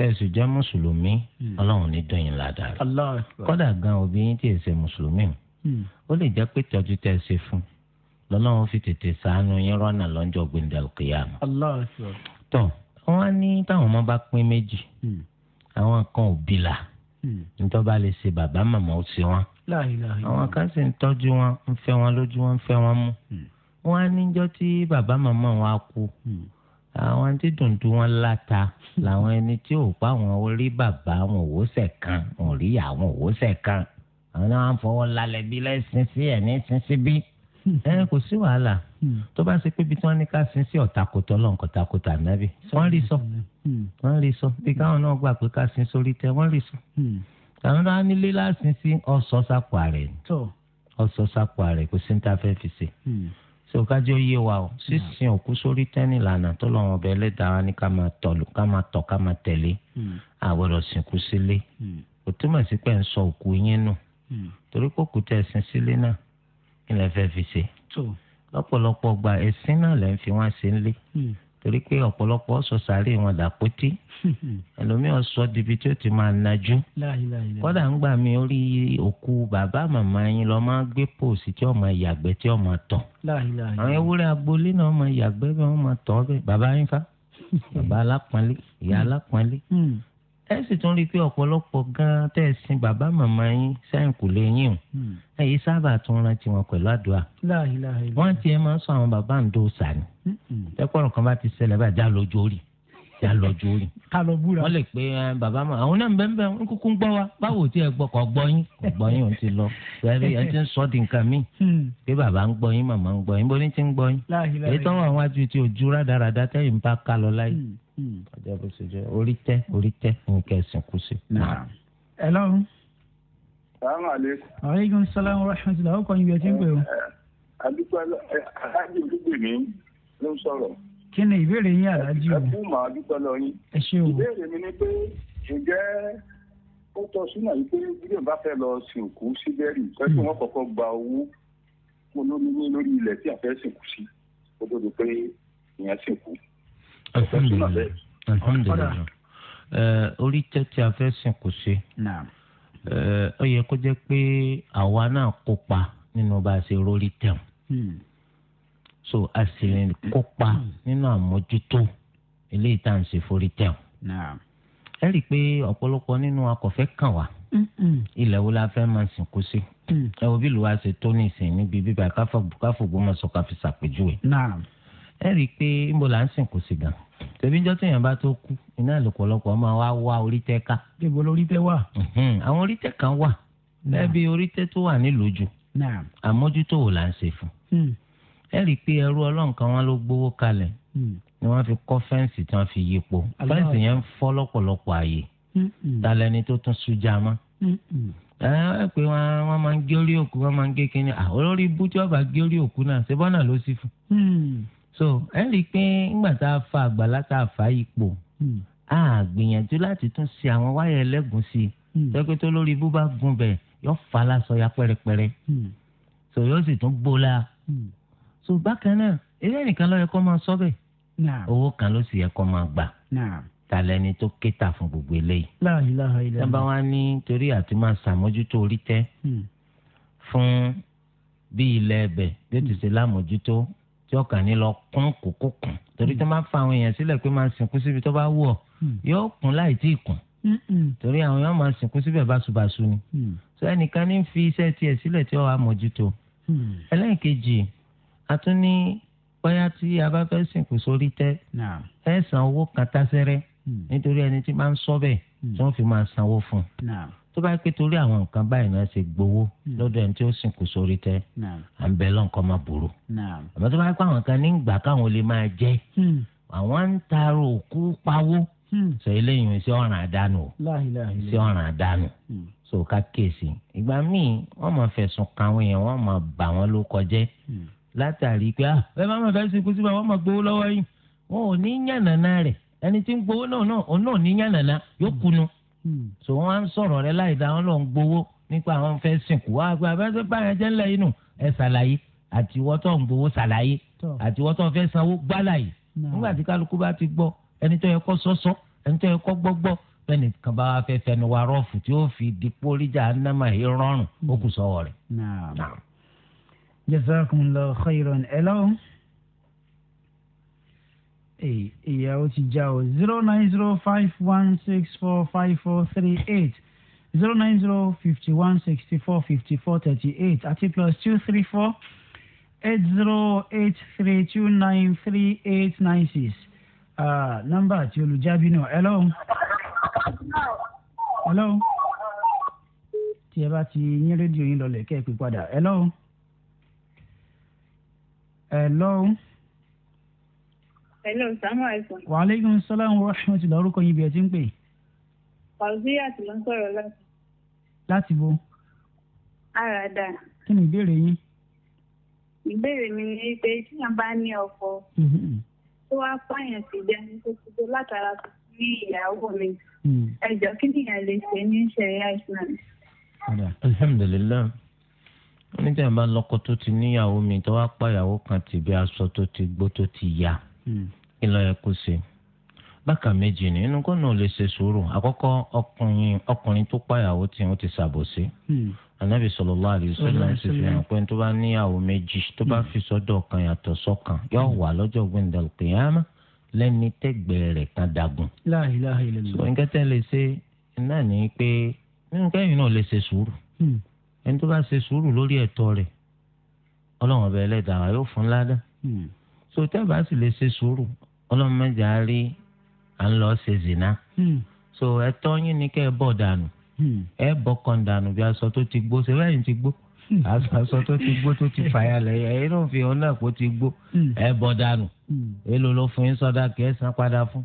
Speaker 3: tẹ̀sí jẹ́ mùsùlùmí hmm. ọlọ́run ní dùn yín ládàá rẹ̀ kọ́dà gan obìnrin tí èsè mùsùlùmí hmm. ó lè jẹ́ pé tọ́jú tẹ̀sí fún lọ́lọ́run fi tètè ṣàánú yín rọ́nà lọ́jọ́ gbẹ̀ndẹ̀lùkìyàmù. tọ́ wọ́n á ní táwọn ọmọ bá pín méjì hmm. àwọn kan ò bìlà nítorí bá lè ṣe bàbá màmá ó ṣe wọn àwọn kan sì ń tọ́jú wọn ń fẹ́ wọn lójú wọn ń fẹ́ wọn mú wọ́n á níjọ́ tí bàbá màmá wọn á kú. Hmm àwọn tí dundun wọn láta làwọn ẹni tí ò pa àwọn rí bàbá àwọn òwòsẹ̀ kan wọn rí àwọn òwòsẹ̀ kan àwọn náà wọn fọwọ́ lálẹ́ bí lẹ́sìn sí ẹ̀ní sin sí bí ẹ kò sí wàhálà tó bá ṣe pé bí tí wọ́n ní ká sin sí ọ̀takùtọ̀ lọ́nkọ̀ takùtà nábì wọ́n rí sọ wọ́n rí sọ bí káwọn náà gbà pé ká sin sórí tẹ wọ́n rí sọ àwọn náà nílé lásin sí ọ̀sọ́ sápò àrẹ̀ ọ̀sọ́ sápò àrẹ̀ kò sí ní ta fẹ́ fi ṣe sọkájọ yé wa o hmm. sísìn òkú sórí tẹ́ni lànà tó lọ́wọ́ ọbẹ̀ ẹlẹ́dàá ni ká máa tọ̀lù ká máa tọ̀ ká máa tẹ̀lé àgbọ̀dọ̀ hmm. sìnkú sílé hmm. kò túmọ̀ sí pé ń sọ òkú yín nù torí kò kú tẹ́ ẹ̀sìn sílé náà ilẹ̀ fẹ́ fi ṣe lọ́pọ̀lọpọ̀ gba ẹ̀sìn náà lẹ́ ń fi wá ṣe ń lé torí pé ọ̀pọ̀lọpọ̀ sọ sàárè wọn dàpótí ẹlòmíràn sọ dibi tí ó ti máa najú kódà ń gbà mí orí òkú bàbá màmá yín lọ máa gbé pòsì tí ó máa yàgbẹ́ tí ó máa tọ̀ àwọn ewúrẹ́ agboolé náà máa yàgbẹ́ bí wọ́n máa tọ̀ bẹ́ẹ̀ bàbá yín fa bàbá alápọ̀nlé ìyá hmm. alápọ̀nlé hmm ẹ sì tún rí i pé ọ̀pọ̀lọpọ̀ gan-an tẹ́ ẹ sin bàbá màmá yín sẹ́yìn kò lè yín o hmm. ẹ̀yin sábà tún rántí wọn pẹ̀lú àdúrà wọ́n ti ẹ máa ń sọ àwọn bàbá ń do sàní tẹ́kọ̀rọ̀ hmm. kan bá ti ṣẹlẹ̀ bá já lójú orí já lójú orí wọ́n lè pe bàbá màmá àwọn náà ń bẹ́ẹ̀ bẹ́ẹ̀ ń kúkú ń gbọ́ wa báwo tí ẹ gbọ́ kọ́ gbọ́ yín kò gbọ́ yín òun ti lọ ẹ ti ń sọ di nǹkan míì hmm. pé bàbá ń gbọ́ yín màmá ń gbọ́ yín bó ní ti ń gbọ́ yín èyí tó wà wájú ti òjú rádaràda tẹ́yìn bá ká lọ láyé ọjọ́ hmm, bó ṣe jẹ́ orí tẹ́ orí tẹ́ ní kẹsàn-án kù sí. ẹ
Speaker 2: lọ́rùn. salaamaleykum. aleykum salaam wa rahmatulah ọkọ yín bí ẹ ń pè o.
Speaker 4: àdúgbò aláàjì olùgbè mi ló ń sọ̀rọ̀.
Speaker 2: kí ni ìbéèrè yín aláàjì o. ẹ fún
Speaker 4: màá dúpẹ́ lọ yín. ẹ ṣe o. ìbéèrè mi ni pé ǹjẹ́ ó tọ́ súnà yìí pé bílíọ̀nù bá fẹ́ lọ sìnkú síbẹ̀rì pẹ́ẹ́sì wọn kọ̀ọ̀kan gba owó olómi lórí ilẹ̀ tí a fẹ́ sìnkú sí kó tó di pé ìyẹn sìnkú alhamdulilayi
Speaker 3: alhamdulilayi orí tẹ́tí afẹ́sìn kò ṣe ó yẹ kó jẹ́ pé àwa náà kópa nínú bá a ṣe rórí tẹ̀wọ̀n hmm. so a sì lè kópa nínú àmójútó eléyìí tá à ń ṣe forí tẹ̀wọ̀n ẹ rí i pé ọ̀pọ̀lọpọ̀ nínú akọ̀fẹ́ kàn wá ilẹ̀ wo la fẹ́ máa sìnkú sí mm. ẹ wo bí lùwà ṣe tó ní ìsìn níbi bíbá káfọ̀gbọ́n máa sọ káfíńsà péjúwe. Naam. ẹ rí i pé níbo là ń sìnkú sí gan tẹ̀bí ńjọ́ téèyàn bá tó kú iná lọ́pọ̀lọpọ̀ máa wá wá orí ká. níbo lórí wà. àwọn orí kan wà lẹ́bi orí tó wà nílùú jù wò ń ṣe hmm. pé ẹrú hmm. ni wọ́n fi kọ́ fẹ́ǹsì tí wọ́n fi po. fẹ́ǹsì yẹn ń fọ́ lọ́pọ̀lọpọ̀ àyè hmm, tó tún mọ́ ẹ pé wọn máa ń gé orí òkú wọn máa ń gé so ẹ rí i pé ńgbà tá a fa àgbàlá tá a fa ipò hmm. a gbìyànjú láti tún ṣe àwọn wáyà ẹlẹ́gùn sí i hmm. tẹ́gbẹ́ tó lórí ibú bá gun bẹ̀ yọ fà lásọ ya pẹ́rẹpẹ́rẹ hmm. so yóò sì tún bóla so bákan náà eré nìkan ló yẹ kó máa sọ bẹ́ẹ̀ owó kan ló sì yẹ kó máa gbà talẹni tó kéta fún gbogbo eléyìí. La ilaha illallah. sábà wá ní torí àti máa ṣàmójútó orí tẹ fún bí ilẹ̀ ẹbẹ̀ bí ó ti ṣe lámójútó tí ọkàn ní lọ kún kókó kún torí tó máa ń fa àwọn èèyàn sílẹ̀ pé máa ń sìnkú síbi tó bá wù ọ́ hmm. yóò kún láì tí ì kún torí àwọn èèyàn máa ń sìnkú síbẹ̀ báṣubàṣu ni hmm. so ẹnìkan ní fi iṣẹ́ tiẹ̀ sílẹ̀ tí ó wàá mójútó hmm. ẹlẹ́ẹ̀kejì a tún ní bóyá tí a bá fẹ́ sìnkú sórí tẹ́ ẹ san owó kan tásẹ́rẹ́ nítorí ẹni tí máa ń sọ bẹ́ẹ̀ tí wọ́n fi máa sanwó fún un tó bá pé torí àwọn nǹkan báyìí náà ṣe gbowó hmm. lọ́dọ̀ ẹni tí ó sìnkú sórí tẹ́ à ń bẹ lọ́nkọ́ máa àmọ́ tó bá àwọn kan ní ìgbà káwọn lè máa jẹ́ hmm. àwọn ń òkú pawó hmm. sọ eléyìí sí ọ̀ràn àdánù sí ọ̀ràn àdánù so ká kéèsì ìgbà míì wọ́n máa fẹ̀sùn èèyàn wọ́n máa bà látàrí pé ah, ẹ máa fẹ́ àwọn máa Hmm. so wọn á ń sọ̀rọ̀ rẹ láì dá wọn lọ ń gbowó nípa àwọn fẹ́ sìnkú wá pé abẹ́sẹ̀ báyẹn jẹ́ ńlẹ̀ inú ẹ ṣàlàyé àti ìwọ tó ń gbowó ṣàlàyé àti ìwọ tó ń fẹ́ sanwó gbálàyé nígbà tí kálukú bá ti gbọ́ ẹni tó yẹ kó sọ́sọ́ ẹni tó yẹ kó gbọ́gbọ́ bẹ́ẹ̀ nìkan bá fẹ́ fẹnu wa rọ́ọ̀fù tí ó fi dípò ríjà ánámà yìí rọrùn ó kù sọ́wọ́ rẹ̀. jazakumullahu khairan. Eight ó
Speaker 2: ti já o zero nine zero five one six four five four three eight zero nine zero fifty one sixty four fifty four thirty eight àti plus two three four eight zero eight three two nine three eight nine six nọ́mbà àti olùjábí náà hello hello tí ẹ bá ti yín rédíò yín lọlẹ̀ kẹ́ ẹ pè padà hello. hello?
Speaker 1: hello salamu alaykum. wa
Speaker 2: aleykum salaam wa rahmatulah orúkọ yín bí ẹ ti ń pè.
Speaker 1: fauziya ti ló ń sọ̀rọ̀ láti. láti bo. ara
Speaker 2: kí ni ìbéèrè yín.
Speaker 1: ìbéèrè mi ni pé tí yàn bá ní ọkọ mm-hmm. tó wá pààyàn sí jẹ ní tó ti tó látara tó ní ìyàwó mi mm. ẹjọ́ kí nìyẹn lè ṣe ní ṣẹ̀ríà
Speaker 4: Islam.
Speaker 3: alhamdulilayi oníjà máa lọ́kọ tó ti níyàwó mi tó wá pàyàwó kan tìbí aṣọ tó ti gbó tó ti yá
Speaker 5: kí
Speaker 3: ló yẹ kó ṣe bákan méjì ni inú kó náà lè ṣe sùúrù àkọ́kọ́ ọkùnrin ọkùnrin tó pàyàwó tí wọ́n ti ṣàbòsí anabi hmm. sallallahu alaihi wasallam ti fi hàn pé tó bá níyàwó méjì tó bá hmm. fi sọ́dọ̀ kan yàtọ̀ sọ́kan yóò hmm. wà lọ́jọ́ gbẹndàl qiyama lẹni tẹgbẹẹ rẹ kan dagun. la ilaha illallah. sọ nǹkan tẹ́ lè ṣe náà ni pé nínú kẹ́yìn náà lè ṣe sùúrù ẹni tó bá ṣe sùúrù lórí ẹ̀tọ́ rẹ̀ ọlọ́run ọbẹ̀ ẹlẹ́dàá yóò fún ládàá so tẹ́ bá sì lè ṣe sùúrù ọlọ́run mẹ́jà à ń lọ ṣe zina hmm. so ẹ̀tọ́ yín ni kẹ́ ẹ bọ̀ dànù hmm. ẹ bọ̀ kàn dànù bí aṣọ tó ti gbó ṣe bẹ́ẹ̀ ni ti gbó hmm. aṣọ tó ti gbó tó ti fàyà lẹ́yìn ẹ̀yin náà fi ọ̀nà kó ti gbó ẹ bọ̀ dànù èlò ló fún yín sọ́dá kẹ́ ẹ san padà fún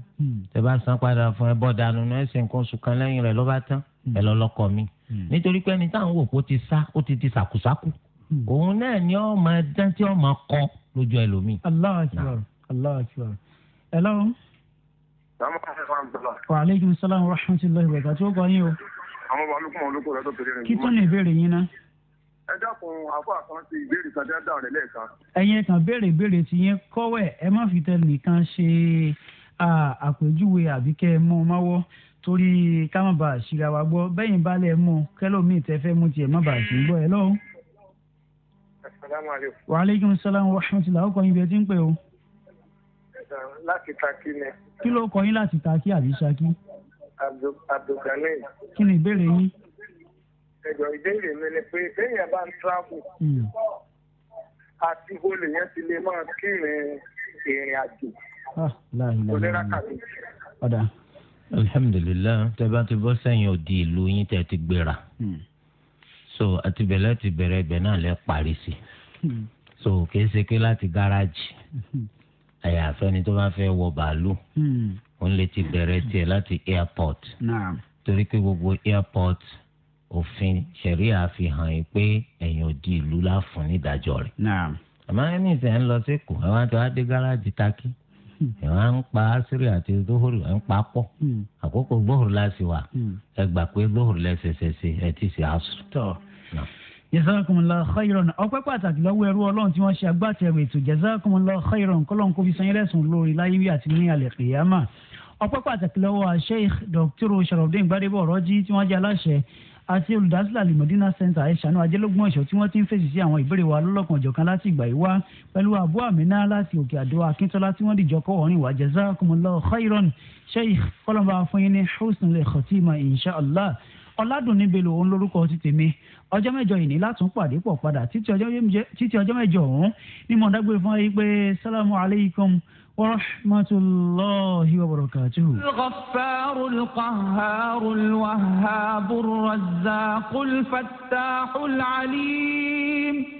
Speaker 3: tẹ́ bá san padà fún ẹ bọ̀ dànù ẹ sì ń kó oṣù kan lẹ́yìn rẹ̀ ló bá tán ẹ lọ lọ́kọ̀ mi nítorí pé ẹni táwọn wò kó ti sá ó ti di sàkúsákú Hmm. òun náà ni ọ máa dán tí ọ máa kọ lójú ẹlòmíì. Allahu Akbar Allahu Akbar. Hello.
Speaker 2: wa aleykum salaam wa rahmatulahi wa barakatuh. tí ó o.
Speaker 4: àwọn ọmọ alukun olóko rẹ tó tẹ̀lé rẹ. kí tó ní ìbéèrè yín ná. ẹ dákun àfọ àkáǹtì ìbéèrè kan dá dáhùn rẹ lẹ́ẹ̀kan.
Speaker 2: ẹ̀yin kan béèrè ìbéèrè tí yẹn kọ́wẹ̀ ẹ má fi tẹ nìkan ṣe àpèjúwe àbíkẹ́ mọ́ máwọ́ torí ká má bàa ṣìra wa gbọ́ bẹ́yìn balẹ̀ mú kẹ́lómi ìtẹ́fẹ́ mú tiẹ̀ má bàa ṣì
Speaker 4: salaamaleykum. wa
Speaker 2: aleykum salaam wa rahmatulah ọkọ yín bí ti ń pè o.
Speaker 4: láti Ṣakí ni. kí ló
Speaker 2: kọ yín láti Ṣakí àbí Ṣakí.
Speaker 4: abdulgani. kí ni ìbéèrè yín. ẹ̀jọ̀ ìbéèrè mi ni pé téèyàn bá ń travel. Hmm. àti olè yẹn ti lè máa kírin ìrìn àjò. Ah, kò lè ra kàdé. ọ̀dà
Speaker 3: alhamdulilayi tẹ bá ti bọ́ sẹ́yìn odi ìlú yín tẹ ti gbéra hmm. so àtibẹ̀lẹ̀ ti bẹ̀rẹ̀ ibẹ̀ náà lẹ parí sí so kìí ṣe pé láti gáràjì àyàfẹ́ ni tó bá fẹ́ wọ bàálù òun lè ti bẹ̀rẹ̀ tiẹ̀ láti airport torí pé gbogbo airport òfin ṣẹ̀ríà fi hàn yín pé ẹ̀yìn òdi ìlú láfún nídàjọ́ rẹ̀ àmọ́ ẹni ìsẹ̀ ń lọ sí kù ẹ̀ wá tó wá dé gáràjì takí ẹ wá ń pa asiri àti dóhùrù ẹ ń pa pọ hmm. àkókò gbóhùrù láti wà hmm. ẹ gbà pé gbóhùrù lẹsẹsẹsẹ ẹ ti ṣe àṣù jazakumullahu khairan ọpẹ́ pàtàkì lọ́wọ́ ẹrú Ọlọ́run tí
Speaker 2: wọ́n ṣe agbátẹrù ètò jazakumullahu khairan kọlọn kó fi san yín lẹ́sùn lórí láyé wí àti ní alẹ́ kìyàmà ọpẹ́ pàtàkì lọ́wọ́ sheikh dr sharafdin gbadebo ọrọjí tí wọ́n jẹ́ aláṣẹ àti olùdásílẹ̀ alimọ̀dínà center aishanu ajẹ́lógún ọ̀ṣọ́ tí wọ́n ti ń fèsì sí àwọn ìbéèrè wa lọ́lọ́kan ọ̀jọ̀kan láti ìgbà yìí wá pẹ̀lú àbú àmínà láti òkè àdó akíntola tí wọ́n dìjọ́ kọ́ ọ̀rìn wa jazakumullahu khairan sheikh kọ́lọ́mbà fún ní ọ̀làdùnní belò òun lórúkọ ti tèmi ọjọ́ mẹ́jọ yìí ní látún pàdé pọ̀ padà títí ọjọ́ mẹ́jọ ọ̀hún ni mo dágbére fún yín pé sálámù aleykum warahmatulahi wabarakatuhu.
Speaker 1: alghaffarul qahharul wahhabur razzaqul fattahul alim.